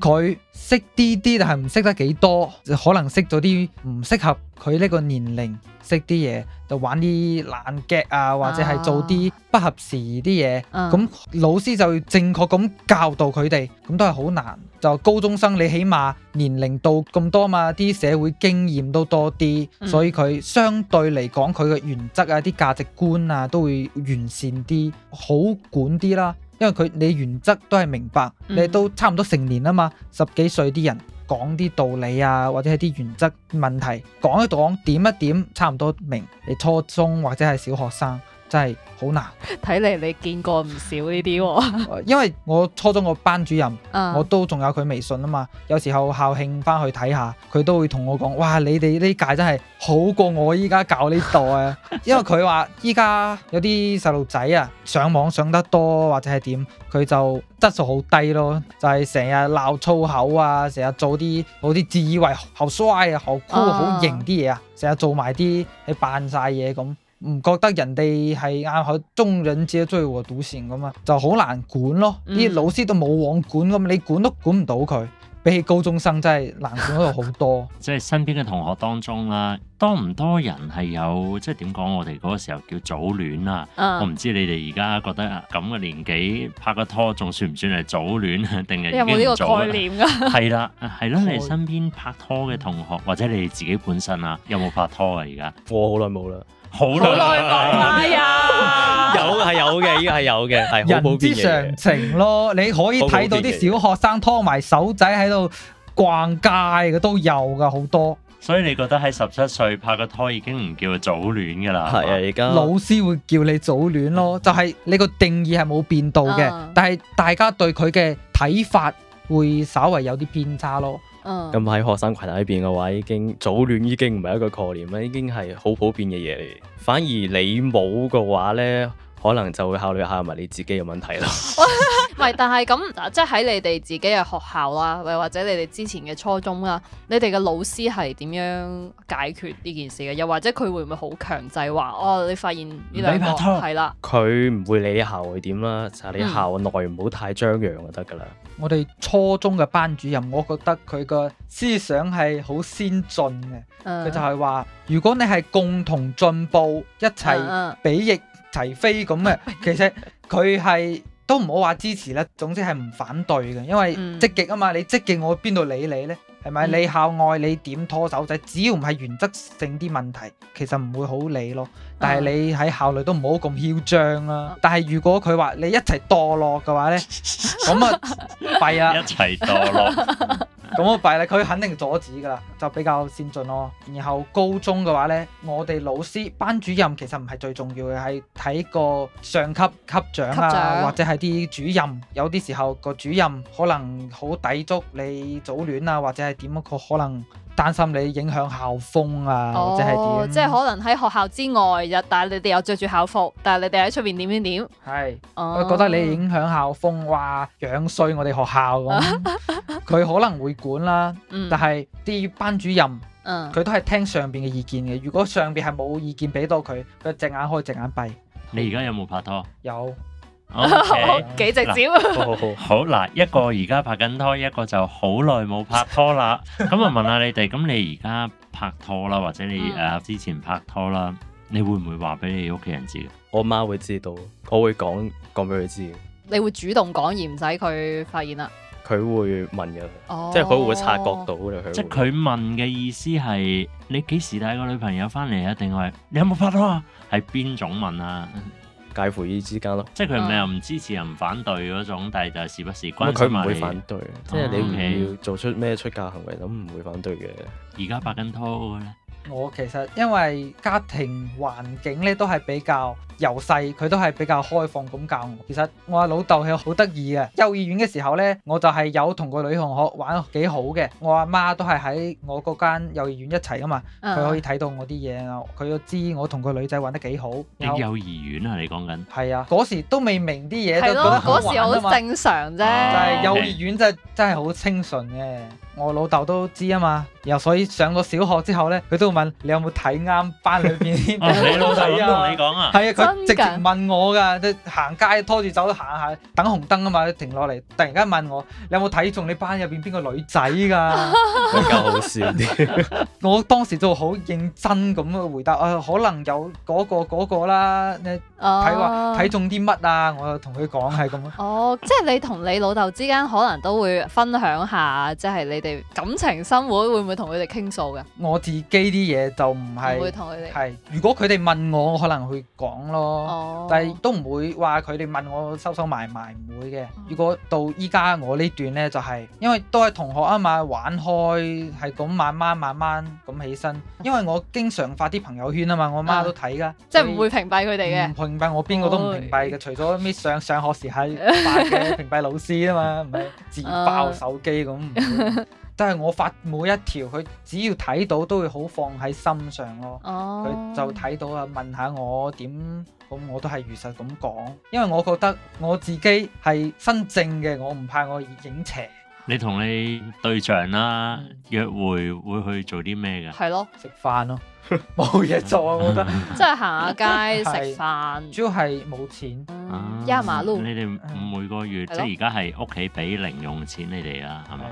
佢識啲啲，但係唔識得幾多，就可能識咗啲唔適合佢呢個年齡。識啲嘢，就玩啲爛劇啊，或者係做啲不合時啲嘢，咁、啊嗯、老師就正確咁教導佢哋，咁都係好難。就高中生你起碼年齡到咁多嘛，啲社會經驗都多啲，嗯、所以佢相對嚟講佢嘅原則啊、啲價值觀啊都會完善啲，好管啲啦。因為佢你原則都係明白，你都差唔多成年啊嘛，嗯、十幾歲啲人。講啲道理啊，或者係啲原則問題，講一講，點一點，差唔多明，你初中或者係小學生。真係好難。睇嚟，你見過唔少呢啲、哦， <laughs> 因為我初中個班主任，嗯、我都仲有佢微信啊嘛。有時候校慶翻去睇下，佢都會同我講，哇，你哋呢屆真係好過我依家搞呢代、啊。 <laughs> 因為佢話依家有啲細路仔啊，上網上得多或者係點，佢就質素好低咯。就係成日鬧粗口啊，成日做啲好啲自以為好帥啊、好酷、嗯嗯、好型啲嘢啊，成日做埋啲你扮晒嘢咁。唔覺得人哋係啱好中人借追賭錢咁嘛，就好難管咯。啲、嗯、老師都冇往管咁，你管都管唔到佢。比起高中生真係難管咗好多。即係 <laughs> 身邊嘅同學當中啦，多唔多人係有即係點講？我哋嗰個時候叫早戀啊。Uh, 我唔知你哋而家覺得咁嘅年紀拍個拖仲算唔算係早戀定、啊、係已經早？有冇呢個概念㗎、啊？係 <laughs> 啦， <laughs> 係咯。喺你身邊拍拖嘅同學，或者你哋自己本身啊，有冇拍拖啊？而家我好耐冇啦！好耐唔係啊！ <laughs> 有係有嘅，依個係有嘅，係冇 <laughs> 對人之常情咯。 <laughs> 你可以睇到啲小學生拖埋手仔喺度逛街，嘅都有噶好多。所以你覺得喺十七歲拍個拖已經唔叫早戀㗎啦？係 <laughs> 啊，而家老師會叫你早戀咯，就係、是、你個定義係冇變到嘅，uh. 但係大家對佢嘅睇法會稍為有啲偏差咯。咁喺、嗯嗯、學生群體入面嘅話，已經早戀已經唔係一個概念啦，已經係好普遍嘅嘢嚟。反而你冇嘅話咧。可能就會考慮下咪你自己嘅問題咯。唔係，但係咁，即係喺你哋自己嘅學校啦，或者你哋之前嘅初中啦，你哋嘅老師係點樣解決呢件事嘅？又或者佢會唔會好強制話？哦，你發現呢兩幕啦，佢唔、嗯、會理你校會點啦， <noise> 就係你校內唔好太張揚就得噶啦。 <noise> 我哋初中嘅班主任，我覺得佢個思想係好先進嘅，佢、uh. 就係話，如果你係共同進步，一齊比翼，Uh. 齊飛咁嘅，其實佢係都唔好話支持啦，總之係唔反對嘅，因為積極啊嘛，嗯、你積極我邊度理你呢？係咪？嗯、你校外你點拖手仔？只要唔係原則性啲問題，其實唔會好理咯。但係你喺校內都唔好咁囂張啦、啊。但係如果佢話你一齊墮落嘅話呢，咁啊弊啦。一齊墮落。咁啊弊啦，佢肯定阻止噶啦，就比較先進咯。然後高中嘅話呢，我哋老師、班主任其實唔係最重要嘅，係睇個上級級長啊，長或者係啲主任。有啲時候個主任可能好抵觸你早戀啊，或者係點佢可能，擔心你影響校風啊，哦、或者係點？即係可能喺學校之外，但係你哋有着住校服，但係你哋喺出邊點點點？係是，哦、覺得你影響校風，話樣衰我哋學校咁，佢 <laughs> 可能會管啦。嗯、但係啲班主任，佢都係聽上邊嘅意見嘅。如果上邊係冇意見俾到佢，佢隻眼開隻眼閉。你而家有冇拍拖？有。好幾 Okay. <laughs> 直接， <laughs> 好嗱一個而家拍緊拖，一個就好耐冇拍拖啦。咁啊， <laughs> 問下你哋，咁你而家拍拖啦，或者你誒、嗯啊、之前拍拖啦，你會唔會話俾你屋企人知？我媽會知道，我會講講俾佢知。你會主動講而唔使佢發現啦？佢會問嘅，即係佢會察覺到嘅、哦。即係佢問嘅意思係，你幾時帶個女朋友翻嚟啊？定係你有冇拍拖啊？係邊種問啊？ <laughs> 介乎於之間咯，即係佢唔係又唔支持又唔反對嗰種，但係就時不時關。咁佢唔會反對， <noise> 即係你唔係要做出咩出格行為，咁唔 <noise> 會反對嘅。而家拍緊拖我其實因為家庭環境咧都係比較由細佢都係比較開放咁教我。其實我阿老豆係好得意嘅。幼兒園嘅時候咧，我就係有同個女同學玩得幾好嘅。我阿媽都係喺我嗰間幼兒園一齊噶嘛，佢、嗯、可以睇到我啲嘢啊，佢都知我同個女仔玩得幾好。啲、嗯、後幼兒園啊，你講緊？係啊，嗰時都未明啲嘢，覺得嗰時好正常啫。就係幼兒園真真係好清純嘅。哦 <noise> 我老豆都知啊嘛，然後所以上咗小學之後咧，佢都會問你有冇睇啱班裏邊啲？你老豆咁同你講啊？係啊， <laughs> 佢直接問我㗎，行街拖住走，行下，等紅燈啊嘛，停落嚟，突然間問我你有冇睇中你班入邊邊個女仔㗎？ <laughs> 好笑啲！ <laughs> <laughs> 我當時就好認真咁回答可能有嗰個嗰個啦，睇話睇中啲乜啊？我就同佢講係咁。哦，即係你同你老豆之間可能都會分享下，即係你哋。感情生活會唔會同佢哋傾訴㗎？我自己啲嘢就唔係唔會同佢哋係。如果佢哋問我，我可能會講咯。哦，oh. 但係都唔會話佢哋問我收收埋埋唔會嘅。如果到依家我段呢段咧，就係、是、因為都係同學啊嘛，玩開係咁慢慢慢慢咁起身。因為我經常發啲朋友圈啊嘛，我媽，媽都睇㗎。Uh. 所以 即係唔會屏蔽佢哋嘅。唔屏蔽我邊個都唔屏蔽嘅，oh. 除咗咩上上學時喺班嘅屏蔽老師啊嘛，唔係 <laughs> <laughs> <laughs> 自爆手機咁。即係我發每一條，佢只要睇到都會好放喺心上咯。佢就睇到啊，問下我點，咁我都係如實咁講。因為我覺得我自己係身正嘅，我唔怕我影斜。你同你對象啦，約會會去做啲咩㗎？係咯，食飯咯，冇嘢做。我覺得即係行下街食飯，主要係冇錢壓馬路。你哋每個月即係而家係屋企俾零用錢你哋啦，係咪？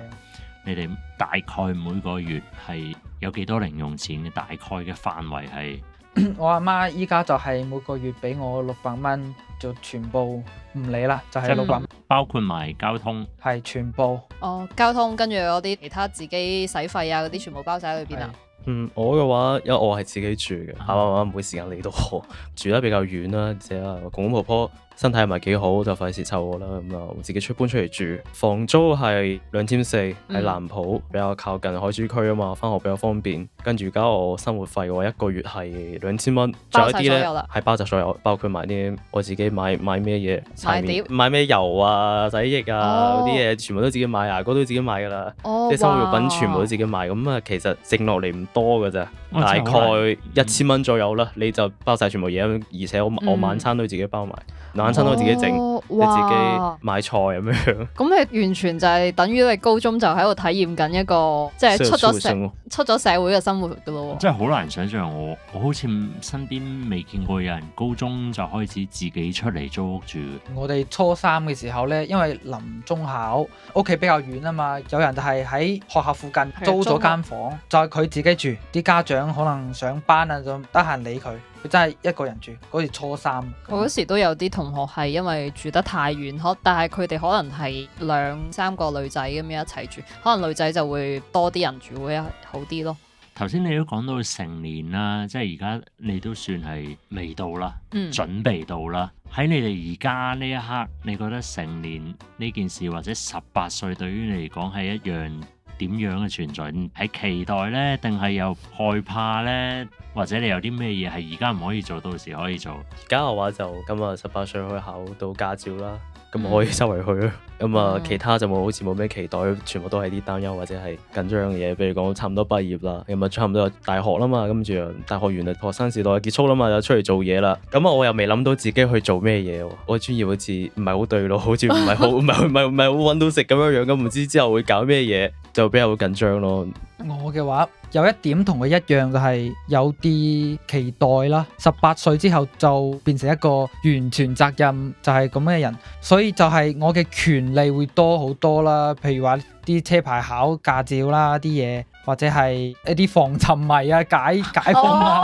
你哋大概每個月係有幾多零用錢嘅？大概嘅範圍係 <coughs> 我阿媽依家就係每個月俾我六百蚊，就全部唔理啦，就係六百，包括埋交通，係全部哦。交通跟住嗰啲其他自己使費啊嗰啲，全部包晒喺裏邊啊？是嗯，我嘅話，因為我係自己住嘅，下下唔會時間嚟到我住得比較遠啦，或者公公婆婆，身體唔係幾好，就費事湊我啦。咁、嗯、啊，自己出搬出嚟住，房租係兩千四，喺南浦比較靠近海珠區啊嘛，返學比較方便。跟住而家我生活費嘅話，一個月係兩千蚊，仲有一啲咧係包括所，所有，包括埋啲我自己買買咩嘢，買咩碟油啊、洗衣液啊嗰啲嘢，哦、全部都自己買、啊，牙、那、膏、個、都自己買噶啦，哦、即係生活用品全部都自己買。咁啊，其實剩落嚟唔多㗎咋，哇大概一千蚊左右啦。嗯、你就包晒全部嘢，而且我我晚餐都自己包埋。嗯嗯晚餐都自己整，你、哦、自己買菜咁樣。咁你 <laughs> <laughs> 完全就係等於你高中就喺度體驗緊一個，即、就、係、是、出咗社出咗社會嘅生活噶咯。即係好難想象我，我好似身邊未見過有人高中就開始自己出嚟租屋住。 <noise> 我哋初三嘅時候咧，因為臨中考，屋企比較遠啊嘛，有人就係喺學校附近租咗間房，就係佢自己住。啲家長可能上班啊，就得閒理佢。佢真係一個人住，嗰時初三。我嗰時都有啲同學係因為住得太遠，可但係佢哋可能係兩三個女仔咁樣一齊住，可能女仔就會多啲人住會好啲咯。頭先你都講到成年啦，即係而家你都算係未到啦，嗯、準備到啦。喺你哋而家呢一刻，你覺得成年呢件事或者十八歲對於你嚟講係一樣點樣嘅存在？係期待呢定係又害怕呢？或者你有啲咩嘢係而家唔可以做到時可以做？而家嘅話就咁啊，十八歲去考到駕照啦，咁我可以周圍去啦。咁啊，其他就冇好似冇咩期待，全部都係啲擔憂或者係緊張嘅嘢。比如講，差唔多畢業啦，又咪差唔多大學啦嘛。跟住大學完啦，學生時代結束啦嘛，又出嚟做嘢啦。咁啊，我又未諗到自己去做咩嘢喎？我專業好似唔係好對路，好似唔係好唔係唔係唔係好揾到食咁樣樣，咁唔知之後會搞咩嘢？就比較緊張咯。我嘅話有一點同佢一樣就係、是、有啲期待啦。十八歲之後就變成一個完全責任就係咁嘅人，所以就係我嘅權利會多好多啦。譬如話啲車牌考駕照啦啲嘢，或者係一啲防沉迷啊解解封啊，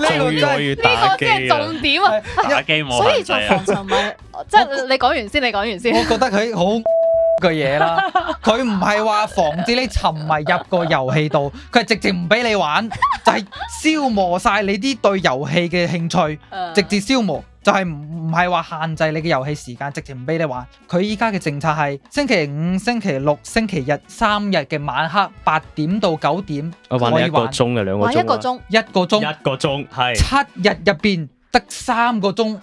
越嚟越打機。呢個真係重點啊！所以防沉迷。即 <laughs> 係 <laughs> 你講完先，你講完先。我覺得佢好嘅嘢啦，佢唔係話防止你沉迷入個遊戲度，佢係直接唔俾你玩，就係、是、消磨晒你啲對遊戲嘅興趣，直接消磨，就係唔係話限制你嘅遊戲時間，直接唔俾你玩。佢依家嘅政策係星期五、星期六、星期日三日嘅晚黑八點到九點，我玩一個鐘嘅兩個鐘，一個鐘一個鐘，係七日入邊得三個鐘。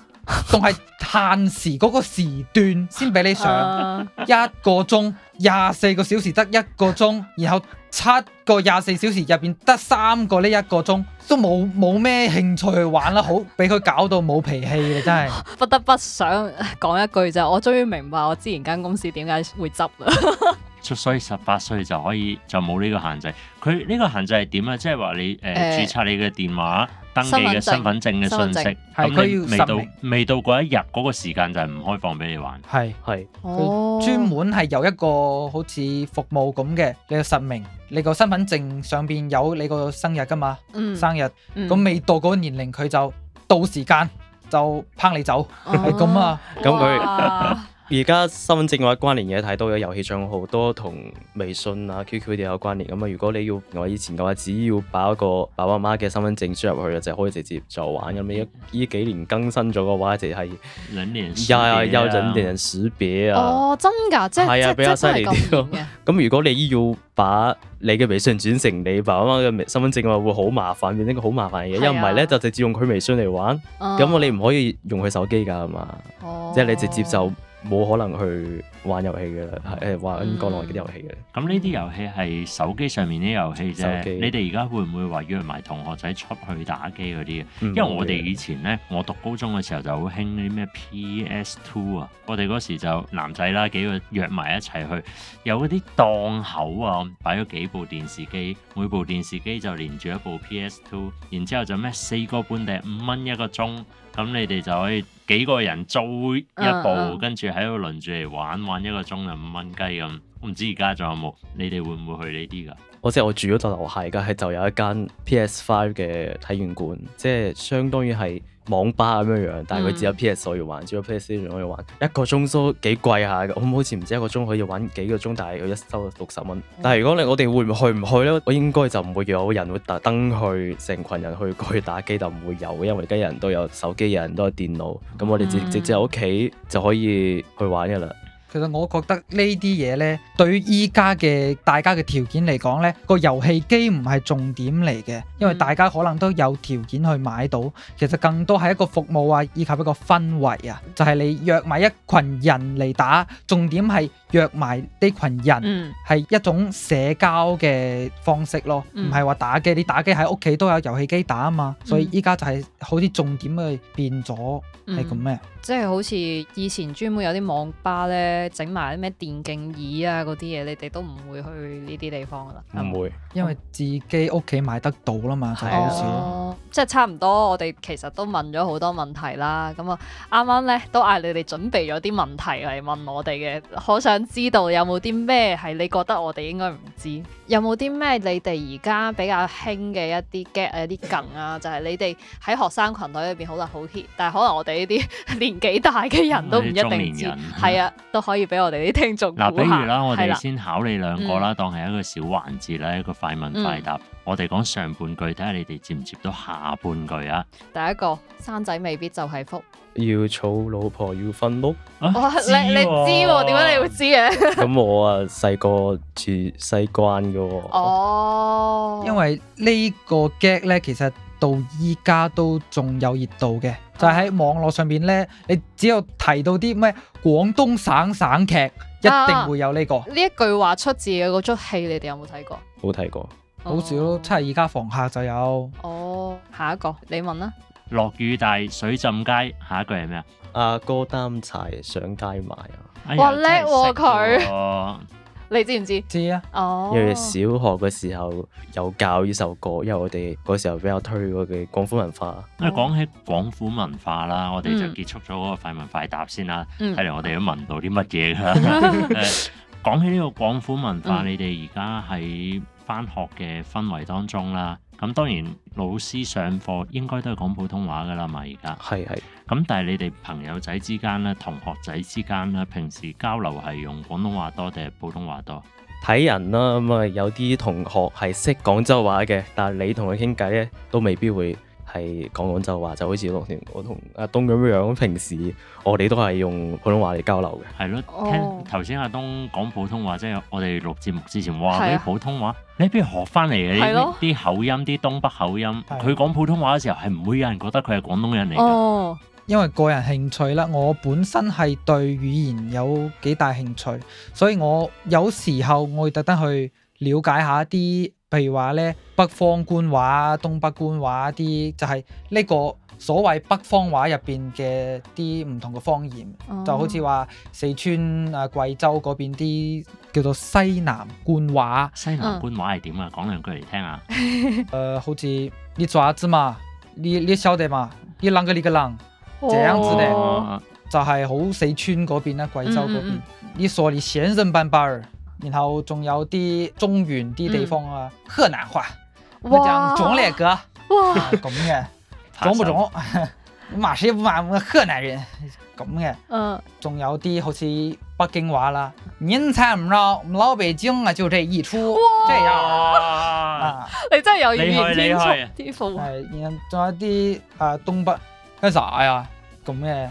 仲係 <laughs> 限時嗰個時段先俾你上一、uh、個鐘，廿四個小時得一個鐘，然後七個廿四小時入邊得三個呢一個鐘，都冇冇咩興趣去玩啦，好俾佢搞到冇脾氣嘅真係。 <laughs> 不得不想講一句就，我終於明白我之前間公司點解會執啦。 <laughs> 所以十八歲就可以就冇呢個限制，佢呢個限制係點啊？即係話你誒注冊你嘅電話。登記嘅身份證嘅信息，係佢要實名。未到，未到嗰一日嗰個時間就係唔開放俾你玩。係係，佢專門係有一個好似服務咁嘅，你個實名，你個身份證上邊有你個生日噶嘛？嗯，生日咁未到嗰個年齡，佢就到時間就拫你走，係咁啊？咁佢。而家身份證嘅話，關聯嘢太多，嘅遊戲賬號都同微信啊、QQ 啲有關聯咁啊。如果你要我以前嘅話，只要把一個爸爸媽媽嘅身份證輸入去就可以直接就玩咁。你呢幾年更新咗嘅話，就係，人臉，係係有人臉識別啊。哦，真㗎，即係係啊，比較犀利啲咯。咁如果你要把你嘅微信轉成你爸爸媽媽嘅身身份證嘅話，會好麻煩，變一個好麻煩嘅嘢。因為唔係咧，就直接用佢微信嚟玩。咁你唔可以用佢手機㗎嘛？即係你直接就。冇可能去玩遊戲嘅，係玩國內啲遊戲嘅。咁呢啲遊戲係手機上面啲遊戲啫。機你哋而家會唔會話約埋同學仔出去打機嗰啲？嗯、因為我哋以前呢，我讀高中嘅時候就好興啲咩 PS2 啊。我哋嗰時就男仔啦，幾個約埋一齊去，有嗰啲檔口啊，擺咗幾部電視機，每部電視機就連住一部 PS2，然之後就咩四個半定五蚊一個鐘。咁你哋就可以幾個人租一部，跟住喺度輪住嚟玩，玩一個鐘就五蚊雞咁。我唔知而家仲有冇，你哋會唔會去呢啲㗎？我即係我住嗰度樓下，而家係就有一間 PS Five 嘅體驗館，即係相當於係網吧咁樣樣，但係佢只有 PS 可以玩，只有、嗯、PS One 可以玩。一個鐘都幾貴下，好似唔知一個鐘可以玩幾個鐘，但係佢一收六十蚊。但係如果你我哋會唔會去唔去咧？我應該就唔會有人會特登去成群人去嗰度打機，就唔會有，因為而家人都有手機，人都有電腦，咁、嗯、我哋直接喺屋企就可以去玩嘅啦。其實我覺得呢啲嘢咧，對於依家嘅大家嘅條件嚟講呢、呢個遊戲機唔係重點嚟嘅，因為大家可能都有條件去買到。其實更多係一個服務啊，以及一個氛圍啊，就係、是、你約埋一群人嚟打，重點係約埋呢群人係、嗯、一種社交嘅方式咯，唔係話打機。你打機喺屋企都有遊戲機打啊嘛，所以依家就係好似重點嘅變咗係咁咩？即係好似以前專門有啲網吧呢。整埋啲咩電競椅啊，嗰啲嘢，你哋都唔會去呢啲地方噶啦，唔會，因為自己屋企買得到啦嘛，就是哦哦，即係差唔多。我哋其實都問咗好多問題啦，咁啊，啱啱咧都嗌你哋準備咗啲問題嚟問我哋嘅，好想知道有冇啲咩係你覺得我哋應該唔知，有冇啲咩你哋而家比較興嘅一啲 get 啊啲梗啊，就係、是、你哋喺學生群體裏邊好大好 hit 但係可能我哋呢啲年紀大嘅人都唔一定知，係啊年，都。 <laughs> 可以俾我哋啲聽眾嗱、啊，比如啦，我哋先考你兩個啦，了當係一個小環節咧，嗯、一個快問快答。嗯、我哋講上半句，睇下你哋接唔接到下半句啊？第一個，生仔未必就係福，要娶老婆要分屋。我你你知喎、啊？點解你會知嘅、啊？咁我啊細個住西關嘅喎。哦，哦因為呢個梗咧，其實到依家都仲有熱度嘅。就喺網絡上邊咧，你只有提到啲咩廣東省省劇，啊、一定會有呢、呢個。呢、啊、一句話出自嘅嗰出戲，你哋有冇睇過？冇睇過，好少咯。七十二家房客就有。哦，下一個你問啦。落雨大水浸街，下一個係咩啊？阿哥擔柴上街賣啊！哇叻喎佢。哎呦 <laughs> 你知唔知？知啊，因為小學嘅時候有教呢首歌，因為我哋嗰時候比較推嗰個廣府文化。誒、哦，講起廣府文化啦，我哋就結束咗嗰個快問快答先啦，睇嚟、嗯、我哋都問到啲乜嘢噶。講 <laughs> <laughs> 起呢個廣府文化，嗯、你哋而家喺翻學嘅氛圍當中啦。咁當然老師上課應該都係講普通話㗎喇嘛，而家係係。咁是是 但係你哋朋友仔之間咧、同學仔之間咧，平時交流係用廣東話多定係普通話多？睇人啦、啊，咁啊有啲同學係識廣州話嘅，但係你同佢傾偈咧都未必會。係講廣州話就好似我同阿東咁樣，平時我哋都係用普通話嚟交流嘅。係咯，聽頭先阿東講普通話，即係我哋錄節目之前，哇！嗰啲普通話，你不如學翻嚟嘅啲口音，啲東北口音，佢講普通話嘅時候係唔會有人覺得佢係廣東人嚟嘅。哦，因為個人興趣啦，我本身係對語言有幾大興趣，所以我有時候我會特登去了解下一啲。譬如話咧，北方官話、東北官話啲，就係呢個所謂北方話入邊嘅啲唔同嘅方言，就好似話四川啊、貴州嗰邊啲叫做西南官話。西南官話係點啊？講兩句嚟聽下。誒，好似你爪子嘛，你你曉得嘛？你啷個你個啷？這樣子的，就係好四川嗰邊咧，貴州嗰邊，你說你仙人板板。然後仲有啲中原啲地方啊，河南話，一陣講呢個咁嘅，講唔講？唔係，唔係，我河南人咁嘅。嗯，仲有啲好似北京話啦。你猜唔到，我們老北京啊就這一出，這樣啊？你真係有語言天賦。係，仲有啲啊東北，幹啥呀？咁嘅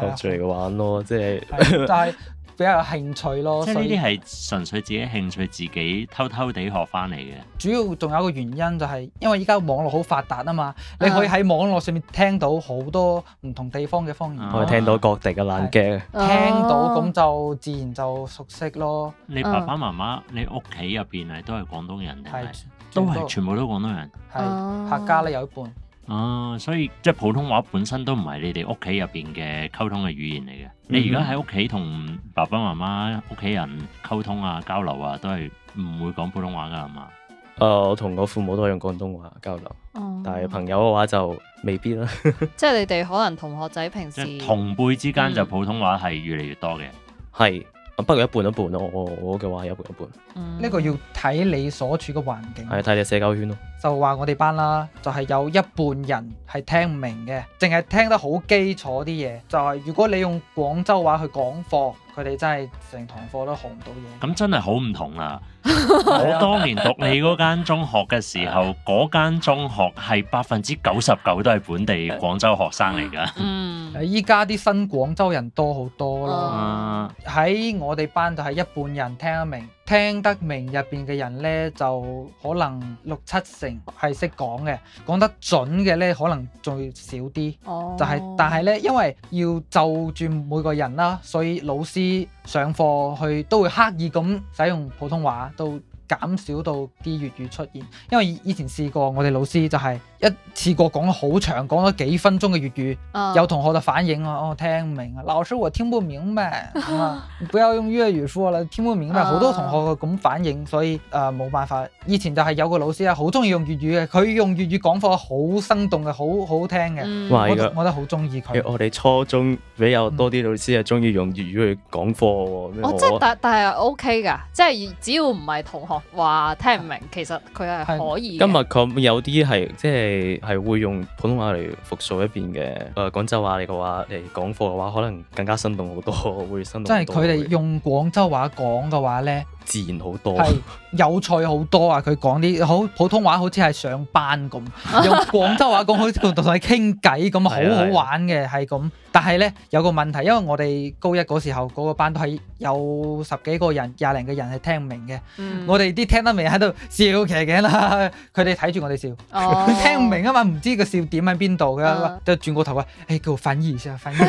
學住嚟玩咯，即係。但係。比較有興趣咯，所以呢啲係純粹自己興趣，自己偷偷地學翻嚟嘅。主要仲有個原因就係、是，因為依家網絡好發達啊嘛，uh, 你可以喺網絡上面聽到好多唔同地方嘅方言，可以、啊啊、聽到各地嘅冷鏡，聽到咁就自然就熟悉咯。你爸爸媽媽，你屋企入邊係都係廣東人定係都係全部都廣東人？係、啊、客家咧有一半。啊，所以即係普通話本身都唔係你哋屋企入邊嘅溝通嘅語言嚟嘅。Mm hmm. 你而家喺屋企同爸爸媽媽屋企人溝通啊、交流啊，都係唔會講普通話㗎，係嘛？誒、呃，我同我父母都係用廣東話交流，嗯、但係朋友嘅話就未必啦。 <laughs> 即係你哋可能同學仔平時同輩之間就普通話係越嚟越多嘅。係、嗯，不過一半一半咯。我嘅話係一半一半。呢、嗯、個要睇你所處嘅環境。係睇你社交圈咯。就話我哋班啦，就係、是、有一半人係聽唔明嘅，淨係聽得好基礎啲嘢。就係、是、如果你用廣州話去講課，佢哋真係成堂課都學唔到嘢。咁真係好唔同啦！我當年讀你嗰間中學嘅時候，嗰間中學係百分之九十九都係本地廣州學生嚟㗎。嗯，依家啲新廣州人多好多囉。喺 <laughs> 我哋班就係一半人聽得明。聽得明入邊嘅人呢，就可能六七成係識講嘅，講得準嘅呢，可能仲要少啲。哦、oh. 就係，但係呢，因為要就住每個人啦，所以老師上課去都會刻意咁使用普通話，都減少到啲粵語出現。因為以前試過，我哋老師就係、是。一次過講好長，講咗幾分鐘嘅粵語，有同學就反映啊，我、哦、聽唔明啊，老師我聽不明咩、 <laughs> 嗯？不要用粵語說啦，聽唔明咩？好多同學咁反應，所以誒冇、呃、辦法。以前就係有個老師啊，好中意用粵語嘅，佢用粵語講課好生動嘅，好好聽嘅、嗯，我都好中意佢。我哋初中比較多啲老師啊、嗯，中意用粵語去講課。哦、我即係但但係 OK 㗎，即係、OK、只要唔係同學話聽唔明，其實佢係可以。今日佢有啲係即係。係係會用普通話嚟複述一遍嘅，誒、呃、廣州話嚟嘅話嚟講課嘅話，可能更加生動好多，會生動。即係佢哋用廣州話講嘅話呢。自然好多，有趣好多啊！佢講啲好普通話，好似係上班咁；用廣州話講，好似同同你傾偈咁，好好玩嘅，係咁。但係咧，有個問題，因為我哋高一嗰時候嗰、嗰個班都係有十幾個人、廿零個人係聽唔明嘅。嗯、我哋啲聽得明喺度笑騎騎啦，佢哋睇住我哋笑，哦、 <laughs> 聽唔明啊嘛，唔知個笑點喺邊度，佢啊都轉過頭、欸、啊，誒叫翻譯先，翻譯，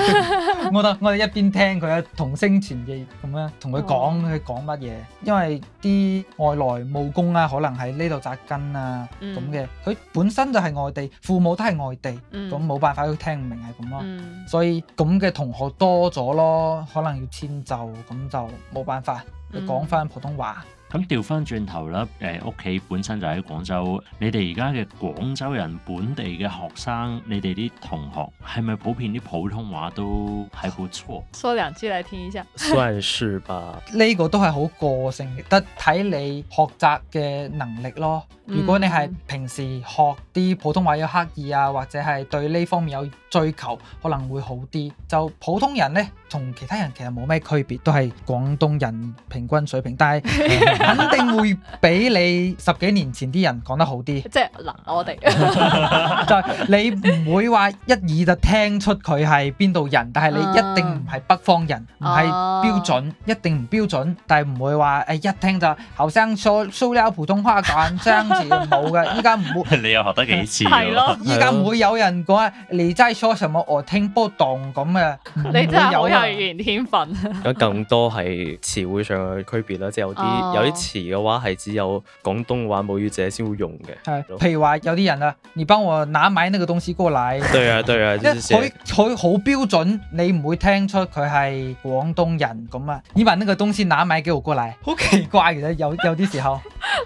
我哋我哋一邊聽佢啊同聲傳譯咁樣同佢講佢講乜嘢。因為啲外來務工啊，可能喺呢度扎根啊，咁嘅佢本身就係外地，父母都係外地，咁冇、嗯、辦法佢聽唔明係咁咯，嗯、所以咁嘅同學多咗咯，可能要遷就，咁就冇辦法、嗯、你講翻普通話。咁掉返轉頭啦，誒屋企本身就喺廣州，你哋而家嘅廣州人本地嘅學生，你哋啲同學係咪普遍啲普通話都還不錯？說兩句嚟聽一下， <laughs> 算是吧。呢個都係好個性嘅，得睇你學習嘅能力咯。如果你係平時學啲普通話有刻意啊，或者係對呢方面有追求，可能會好啲。就普通人呢，同其他人其實冇咩區別，都係廣東人平均水平。但係、嗯、 <laughs> 肯定會比你十幾年前啲人講得好啲。即係能。我 <laughs> 哋就你唔會話一耳就聽出佢係邊度人，但係你一定唔係北方人，唔係、嗯、標準，嗯、一定唔標準，但係唔會話誒、哎、一聽就後生塑料普通話講 <laughs> 冇嘅，依家唔會。你又學得幾次？係咯，依家唔會有人講你齋說什麼我聽不懂咁嘅。你真係好有語言天分。有 <laughs> 更多係詞彙上嘅區別啦，即係有啲、oh. 有啲詞嘅話係只有廣東話母語者先會用嘅。係，譬如話有啲人啦，你幫我拿埋呢個東西過來。對啊 <laughs> 對啊，佢佢好標準，你唔會聽出佢係廣東人咁啊。你把呢個東西拿埋給我過來。好奇怪嘅，有有啲時候。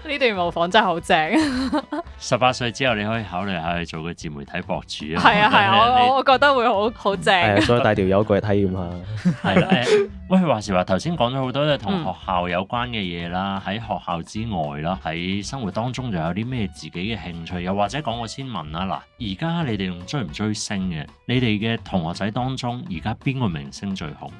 呢段模仿真係好正。十八歲之後你可以考慮下去做個自媒體博主 <laughs> 啊。係啊係啊，我你我覺得會 <laughs> 好好正。再的帶條友過去體驗下。係 <laughs> 啦，欸，喂，話時話頭先講咗好多咧，同學校有關嘅嘢啦，喺學校之外啦，喺生活當中又有啲咩自己嘅興趣？又或者講我先問啦，嗱，而家你哋追唔追星嘅？你哋嘅同學仔當中，而家邊個明星最紅？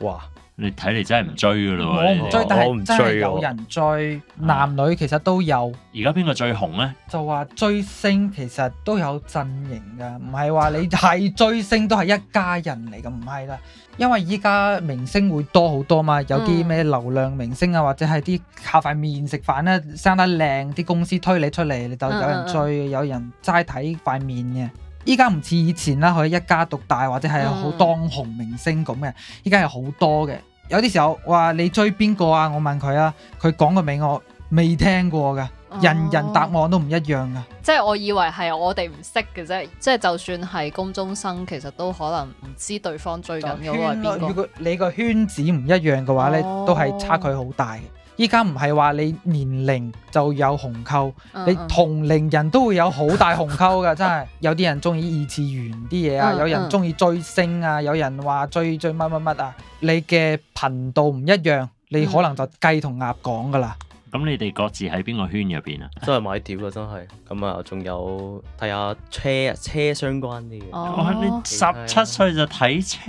哇！你睇嚟真係唔追噶咯喎！我唔追，說但係真係有人追，追男女其實都有。而家邊個最紅咧？就話追星其實都有陣營噶，唔係話你係追星都係一家人嚟噶，唔係啦。因為依家明星會多好多嘛，有啲咩流量明星啊，或者係啲靠塊面食飯咧，啊，生得靚，啲公司推你出嚟，你就有人追，有人齋睇塊面嘅。依家唔似以前啦，可以一家獨大或者係好當紅明星咁嘅。依家係好多嘅，有啲時候話你追邊個啊？我問佢啊，佢講個名我未聽過嘅，人人答案都唔一樣嘅，哦。即係我以為係我哋唔識嘅啫，即係就算係高中生，其實都可能唔知對方追緊嘅係邊個。如果你個圈子唔一樣嘅話呢，哦，都係差距好大。依家唔係話你年齡就有鴻溝，嗯嗯，你同齡人都會有好大鴻溝噶，真係有啲人中意二次元啲嘢啊，嗯嗯，有人中意追星啊，有人話追追乜乜乜啊，你嘅頻道唔一樣，你可能就雞同鴨講噶啦。咁你哋各自喺邊個圈入邊啊？都 <laughs> 係買碟啊，真係。咁、嗯、啊，仲有睇下車車相關啲嘢。我係咪十七歲就睇車？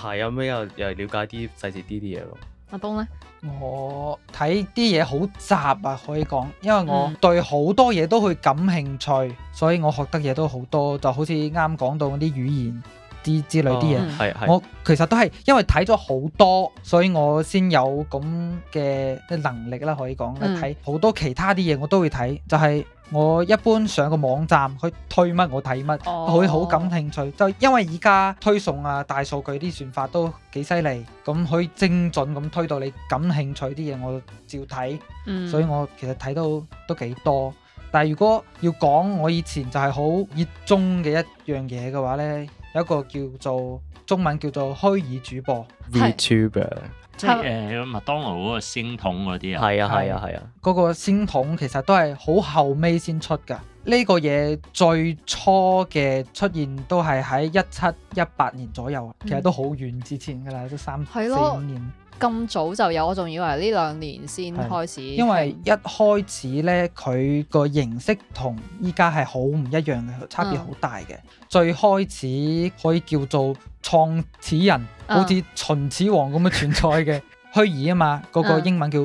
係啊是，咩又又了解啲細節啲啲嘢咯。阿冬咧，我睇啲嘢好雜啊，可以講，因為我對好多嘢都去感興趣，嗯、所以我學得嘢都好多，就好似啱講到啲語言啲之，之類啲嘢，哦嗯、我其實都係因為睇咗好多，所以我先有咁嘅嘅能力啦，可以講，睇好、嗯、多其他啲嘢我都會睇，就係、是。我一般上個網站，佢推乜我睇乜，佢好感興趣。就因為而家推送啊、大數據啲算法都幾犀利，咁可以精準咁推到你感興趣啲嘢，我照睇。Mm. 所以我其實睇到都幾多。但係如果要講我以前就係好熱衷嘅一樣嘢嘅話呢，有一個叫做中文叫做虛擬主播。即係誒麥當勞嗰個仙筒嗰啲啊，係啊係啊係啊，嗰、啊啊、 <noise> 個仙筒其實都係好後尾先出噶。呢個嘢最初嘅出現都係喺一七一八年左右啊、嗯，其實都好遠之前噶啦，都三四五的年。咁早就有，我仲以為呢兩年先開始。因為一開始呢，佢個形式同依家係好唔一樣嘅，差別好大嘅。嗯、最開始可以叫做創始人，嗯、好似秦始皇咁嘅存在嘅虛擬啊嘛，嗰 <laughs> 個，個英文叫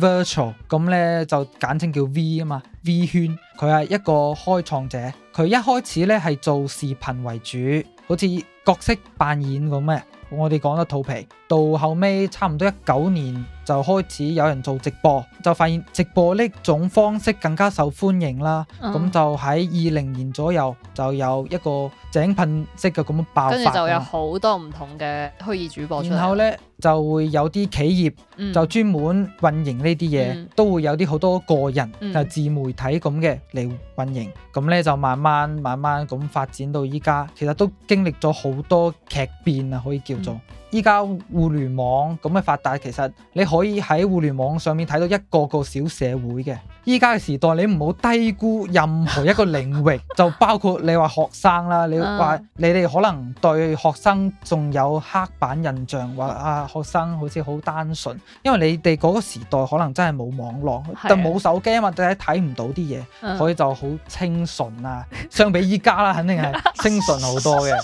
Virtual，咁呢就簡稱叫 V 啊嘛，V 圈。佢係一個開創者，佢一開始呢係做視頻為主，好似角色扮演咁咩？我哋講得肚皮，到後尾差唔多一九年。就開始有人做直播，就發現直播呢種方式更加受歡迎啦。咁、嗯、就喺二零年左右就有一個井噴式嘅咁爆發，跟住就有好多唔同嘅虛擬主播出嚟。然後呢，就會有啲企業就專門運營呢啲嘢，嗯、都會有啲好多個人就、嗯、自媒體咁嘅嚟運營。咁呢、嗯，就慢慢慢慢咁發展到依家，其實都經歷咗好多劇變啊，可以叫做。嗯。依家互聯網咁嘅發達，其實你可以喺互聯網上面睇到一個個小社會嘅。依家嘅時代，你唔好低估任何一個領域， <laughs> 就包括你話學生啦。你話你哋可能對學生仲有刻板印象，話啊學生好似好單純，因為你哋嗰個時代可能真係冇網絡， <laughs> 但冇手機啊嘛，大家睇唔到啲嘢， <laughs> 所以就好清純啊。相比依家啦，肯定係清純好多嘅。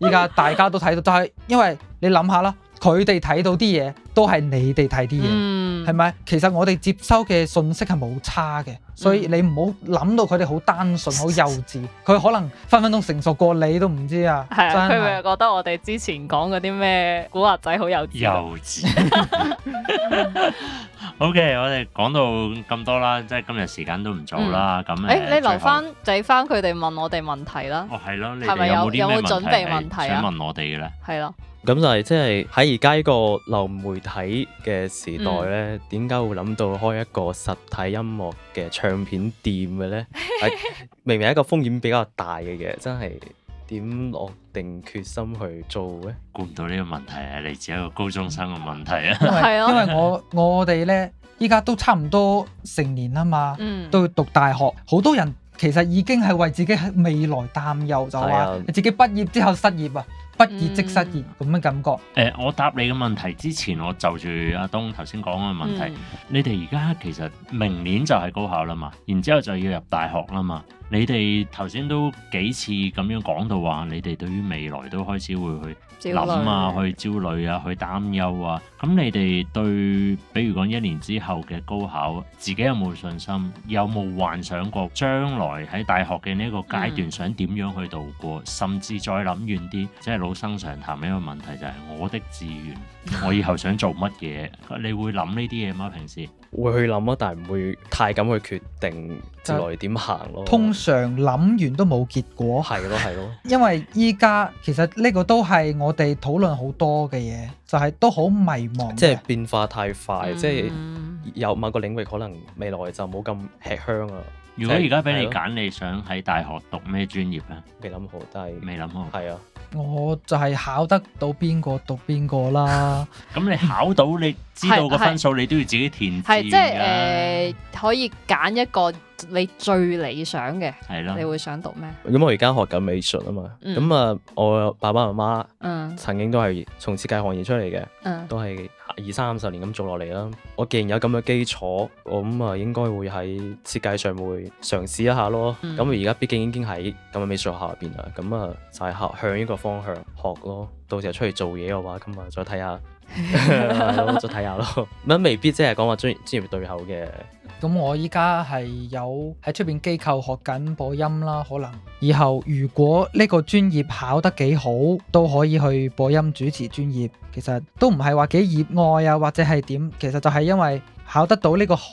依家 <laughs> 大家都睇到，就係、是、因為你諗下啦。佢哋睇到啲嘢，都係你哋睇啲嘢，係咪？其實我哋接收嘅信息係冇差嘅，所以你唔好諗到佢哋好單純、好幼稚，佢可能分分鐘成熟過你都唔知啊！佢咪覺得我哋之前講嗰啲咩古惑仔好幼稚？幼稚。OK，我哋講到咁多啦，即係今日時間都唔早啦。咁誒，你留翻仔翻佢哋問我哋問題啦。哦，係咯，係咪有有冇準備問題想問我哋嘅咧？係咯。咁就係即係喺而家呢個流媒體嘅時代咧，點解、嗯、會諗到開一個實體音樂嘅唱片店嘅咧？ <laughs> 明明係一個風險比較大嘅嘢，真係點落定決心去做咧？估唔到呢個問題啊！你自己一個高中生嘅問題啊！ <laughs> 因為因為我我哋咧依家都差唔多成年啦嘛，嗯、都要讀大學，好多人其實已經係為自己喺未來擔憂，就話自己畢業之後失業啊！畢業即失業咁嘅感覺？誒、嗯欸，我答你嘅問題之前，我就住阿東頭先講嘅問題。問題嗯、你哋而家其實明年就係高考啦嘛，嗯、然之後就要入大學啦嘛。你哋頭先都幾次咁樣講到話，你哋對於未來都開始會去諗啊，焦慮，去焦慮啊，去擔憂啊。咁你哋對，比如講一年之後嘅高考，自己有冇信心？有冇幻想過將來喺大學嘅呢一個階段想點樣去度過？嗯、甚至再諗遠啲，即係老生常談一個問題，就係我的志願， <laughs> 我以後想做乜嘢？你會諗呢啲嘢嗎？平時會去諗啊，但係唔會太敢去決定將來點行咯。通常諗完都冇結果，係咯係咯。 <laughs> 因為依家其實呢個都係我哋討論好多嘅嘢，就係、是、都好迷茫，即係變化太快，嗯、即係有某個領域可能未來就冇咁吃香啊。如果而家俾你揀的，你想喺大學讀咩專業啊？未諗好，都係未諗好，係啊。我就係考得到邊個讀邊個啦。咁 <laughs> 你考到你知道個分數，你都要自己填字噶。係即係誒，可以揀一個你最理想嘅。係咯的，你會想讀咩？咁我而家學緊美術啊嘛。咁啊、嗯，我爸爸媽媽曾經都係從設計行業出嚟嘅，嗯、都係。二三十年咁做落嚟啦，我既然有咁嘅基礎，我咁啊應該會喺設計上會嘗試一下咯。咁而家畢竟已經喺咁嘅美術學校入邊啦，咁啊就係向向呢個方向學咯。到時候出嚟做嘢嘅話，咁啊再睇下， <laughs> <laughs> <laughs> 再睇下咯。咁未必即係講話專業專業對口嘅。咁我依家係有喺出邊機構學緊播音啦，可能以後如果呢個專業考得幾好，都可以去播音主持專業。其實都唔係話幾熱愛啊，或者係點，其實就係因為考得到呢個好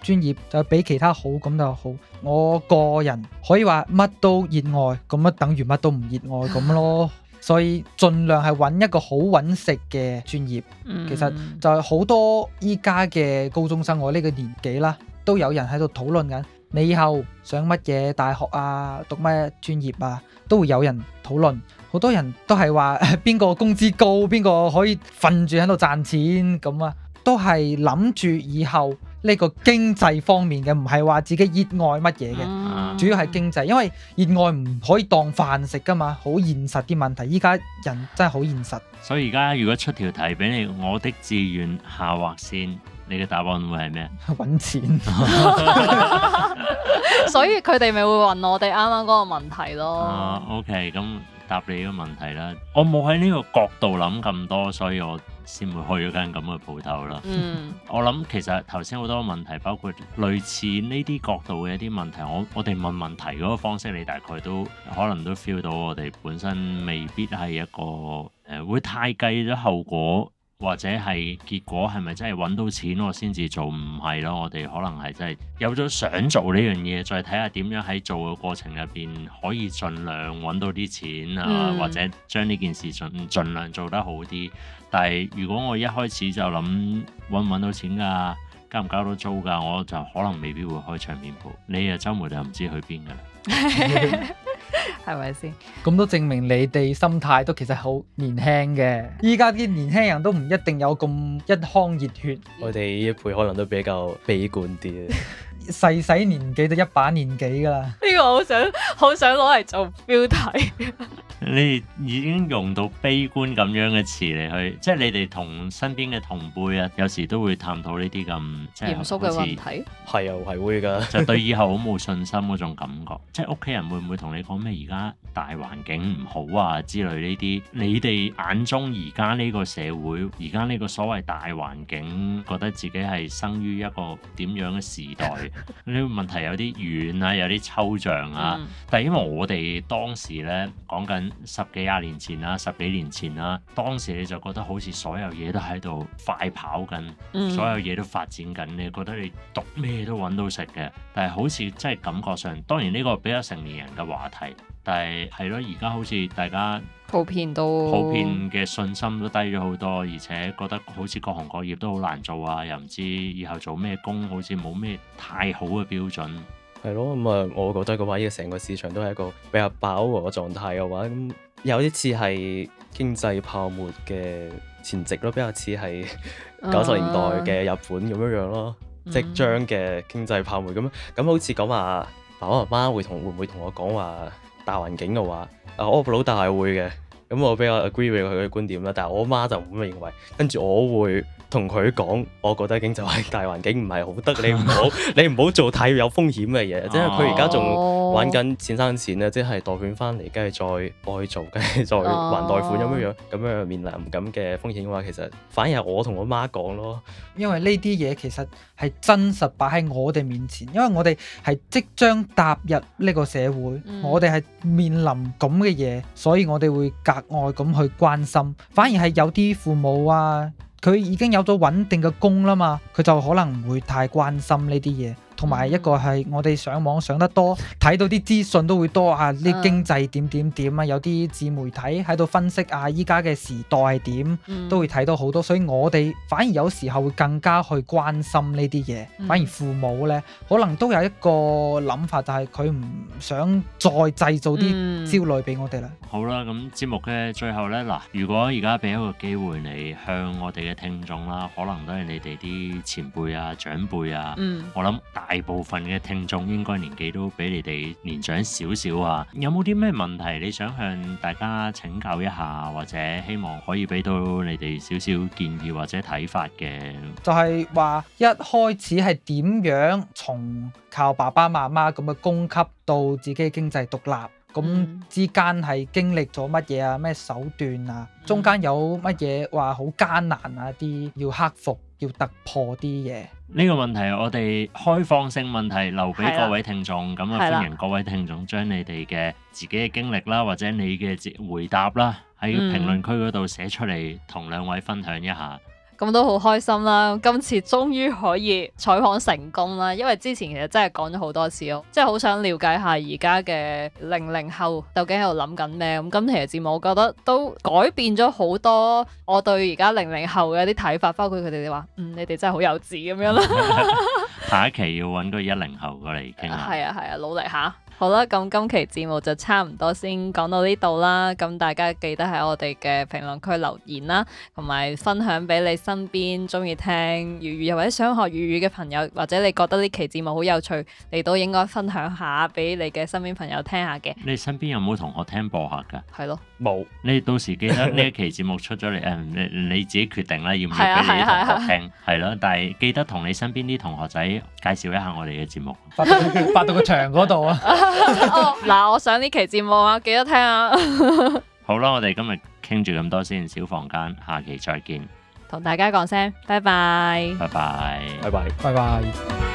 專業就比其他好咁就好。我個人可以話乜都熱愛，咁咪等於乜都唔熱愛咁咯。 <laughs> 所以盡量係揾一個好揾食嘅專業，其實就係好多依家嘅高中生，我呢個年紀啦，都有人喺度討論緊，你以後上乜嘢大學啊，讀咩專業啊，都會有人討論。好多人都係話邊個工資高，邊個可以瞓住喺度賺錢咁啊，都係諗住以後。呢個經濟方面嘅，唔係話自己熱愛乜嘢嘅，嗯、主要係經濟，因為熱愛唔可以當飯食噶嘛，好現實啲問題。依家人真係好現實。所以而家如果出條題俾你，我的志願下劃線，你嘅答案會係咩？揾錢。所以佢哋咪會問我哋啱啱嗰個問題咯。OK 咁答你呢個問題啦。我冇喺呢個角度諗咁多，所以我。先會開咗間咁嘅鋪頭啦。嗯，我諗其實頭先好多問題，包括類似呢啲角度嘅一啲問題，我我哋問問題嗰個方式，你大概都可能都 feel 到，我哋本身未必係一個誒、呃，會太計咗後果，或者係結果係咪真係揾到錢我先至做？唔係咯，我哋可能係真係有咗想做呢樣嘢，再睇下點樣喺做嘅過程入邊可以盡量揾到啲錢啊，嗯、或者將呢件事盡盡量做得好啲。但係，如果我一開始就諗揾唔揾到錢㗎，交唔交到租㗎，我就可能未必會開唱片鋪。你啊，週末就唔知去邊㗎啦，係咪先？咁都證明你哋心態都其實好年輕嘅。依家啲年輕人都唔一定有咁一腔熱血。我哋呢一輩可能都比較悲觀啲。細細年紀都一把年紀噶啦，呢個我好想我好想攞嚟做標題。 <laughs> <laughs> 你已經用到悲觀咁樣嘅詞嚟去，即係你哋同身邊嘅同輩啊，有時都會探討呢啲咁嚴肅嘅話題。係啊，係會噶。就對以後好冇信心嗰種感覺， <laughs> <laughs> 即係屋企人會唔會同你講咩？而家大環境唔好啊之類呢啲。你哋眼中而家呢個社會，而家呢個所謂大環境，覺得自己係生於一個點樣嘅時代？ <laughs> 呢個 <laughs> 問題有啲遠啊，有啲抽象啊。嗯、但係因為我哋當時呢，講緊十幾廿年前啦、啊，十幾年前啦、啊，當時你就覺得好似所有嘢都喺度快跑緊，嗯、所有嘢都發展緊，你覺得你讀咩都揾到食嘅。但係好似真係感覺上，當然呢個比較成年人嘅話題。但係係咯，而家好似大家普遍都普遍嘅信心都低咗好多，而且覺得好似各行各業都好難做啊，又唔知以後做咩工，好似冇咩太好嘅標準。係咯，咁、嗯、啊，我覺得嘅話，呢個成個市場都係一個比較飽和嘅狀態嘅話，有啲似係經濟泡沫嘅前夕咯，比較似係九十年代嘅日本咁樣樣咯，uh, um. 即將嘅經濟泡沫咁。咁好似講話爸爸媽媽會同會唔會同我講話？大環境嘅話，啊、我老豆 f l o 係會嘅，咁我比較 agree with 佢嘅觀點啦。但係我媽就唔咁樣認為，跟住我會。同佢講，我覺得經濟係大環境唔係好得 <laughs> 你，你唔好你唔好做太有風險嘅嘢。 <laughs> 即係佢而家仲玩緊錢生錢咧，即係貸款翻嚟，跟住再再做，跟住再還貸款咁樣樣，咁樣面臨咁嘅風險嘅話，其實反而係我同我媽講咯，因為呢啲嘢其實係真實擺喺我哋面前，因為我哋係即將踏入呢個社會，嗯、我哋係面臨咁嘅嘢，所以我哋會格外咁去關心。反而係有啲父母啊。佢已經有咗穩定嘅工啦嘛，佢就可能唔會太關心呢啲嘢。同埋一個係我哋上網上得多，睇到啲資訊都會多啊！啲經濟點點點啊，有啲自媒體喺度分析啊，依家嘅時代點都會睇到好多，所以我哋反而有時候會更加去關心呢啲嘢。反而父母呢，可能都有一個諗法，就係佢唔想再製造啲焦慮俾我哋啦。好啦、嗯，咁節目呢最後呢，嗱、嗯，如果而家俾一個機會你向我哋嘅聽眾啦，可能都係你哋啲前輩啊、長輩啊，我諗大部分嘅聽眾應該年紀都比你哋年長少少啊，有冇啲咩問題你想向大家請教一下，或者希望可以俾到你哋少少建議或者睇法嘅？就係話一開始係點樣從靠爸爸媽媽咁嘅供給到自己經濟獨立，咁、嗯、之間係經歷咗乜嘢啊？咩手段啊？中間有乜嘢話好艱難啊？啲要克服要突破啲嘢。呢個問題，我哋開放性問題留俾各位聽眾，咁啊歡迎各位聽眾將你哋嘅自己嘅經歷啦，或者你嘅回答啦，喺評論區嗰度寫出嚟，同兩位分享一下。咁都好開心啦！今次終於可以採訪成功啦，因為之前其實真係講咗好多次咯，即係好想了解下而家嘅零零後究竟喺度諗緊咩？咁今期嘅節目，我覺得都改變咗好多我對而家零零後嘅一啲睇法，包括佢哋話，嗯，你哋真係好幼稚咁樣啦。 <laughs> <laughs> 下一期要揾個一零後過嚟傾下，係啊係啊，努力下。好啦，咁今期節目就差唔多先講到呢度啦。咁大家記得喺我哋嘅評論區留言啦，同埋分享俾你身邊中意聽粵語又或者想學粵語嘅朋友，或者你覺得呢期節目好有趣，你都應該分享下俾你嘅身邊朋友聽下嘅。你身邊有冇同學聽播客㗎？係咯，冇有。你到時記得呢一期節目出咗嚟， <laughs> 你自己決定啦，要唔要俾你同學聽？係咯、啊啊啊啊，但係記得同你身邊啲同學仔介紹一下我哋嘅節目。發到個牆嗰度啊！ <laughs> 嗱、 <laughs> 哦，我上呢期節目啊，記得聽啊！ <laughs> 好啦，我哋今日傾住咁多先，小房間，下期再見，同大家講聲，拜拜，拜拜，拜拜，拜拜。拜拜。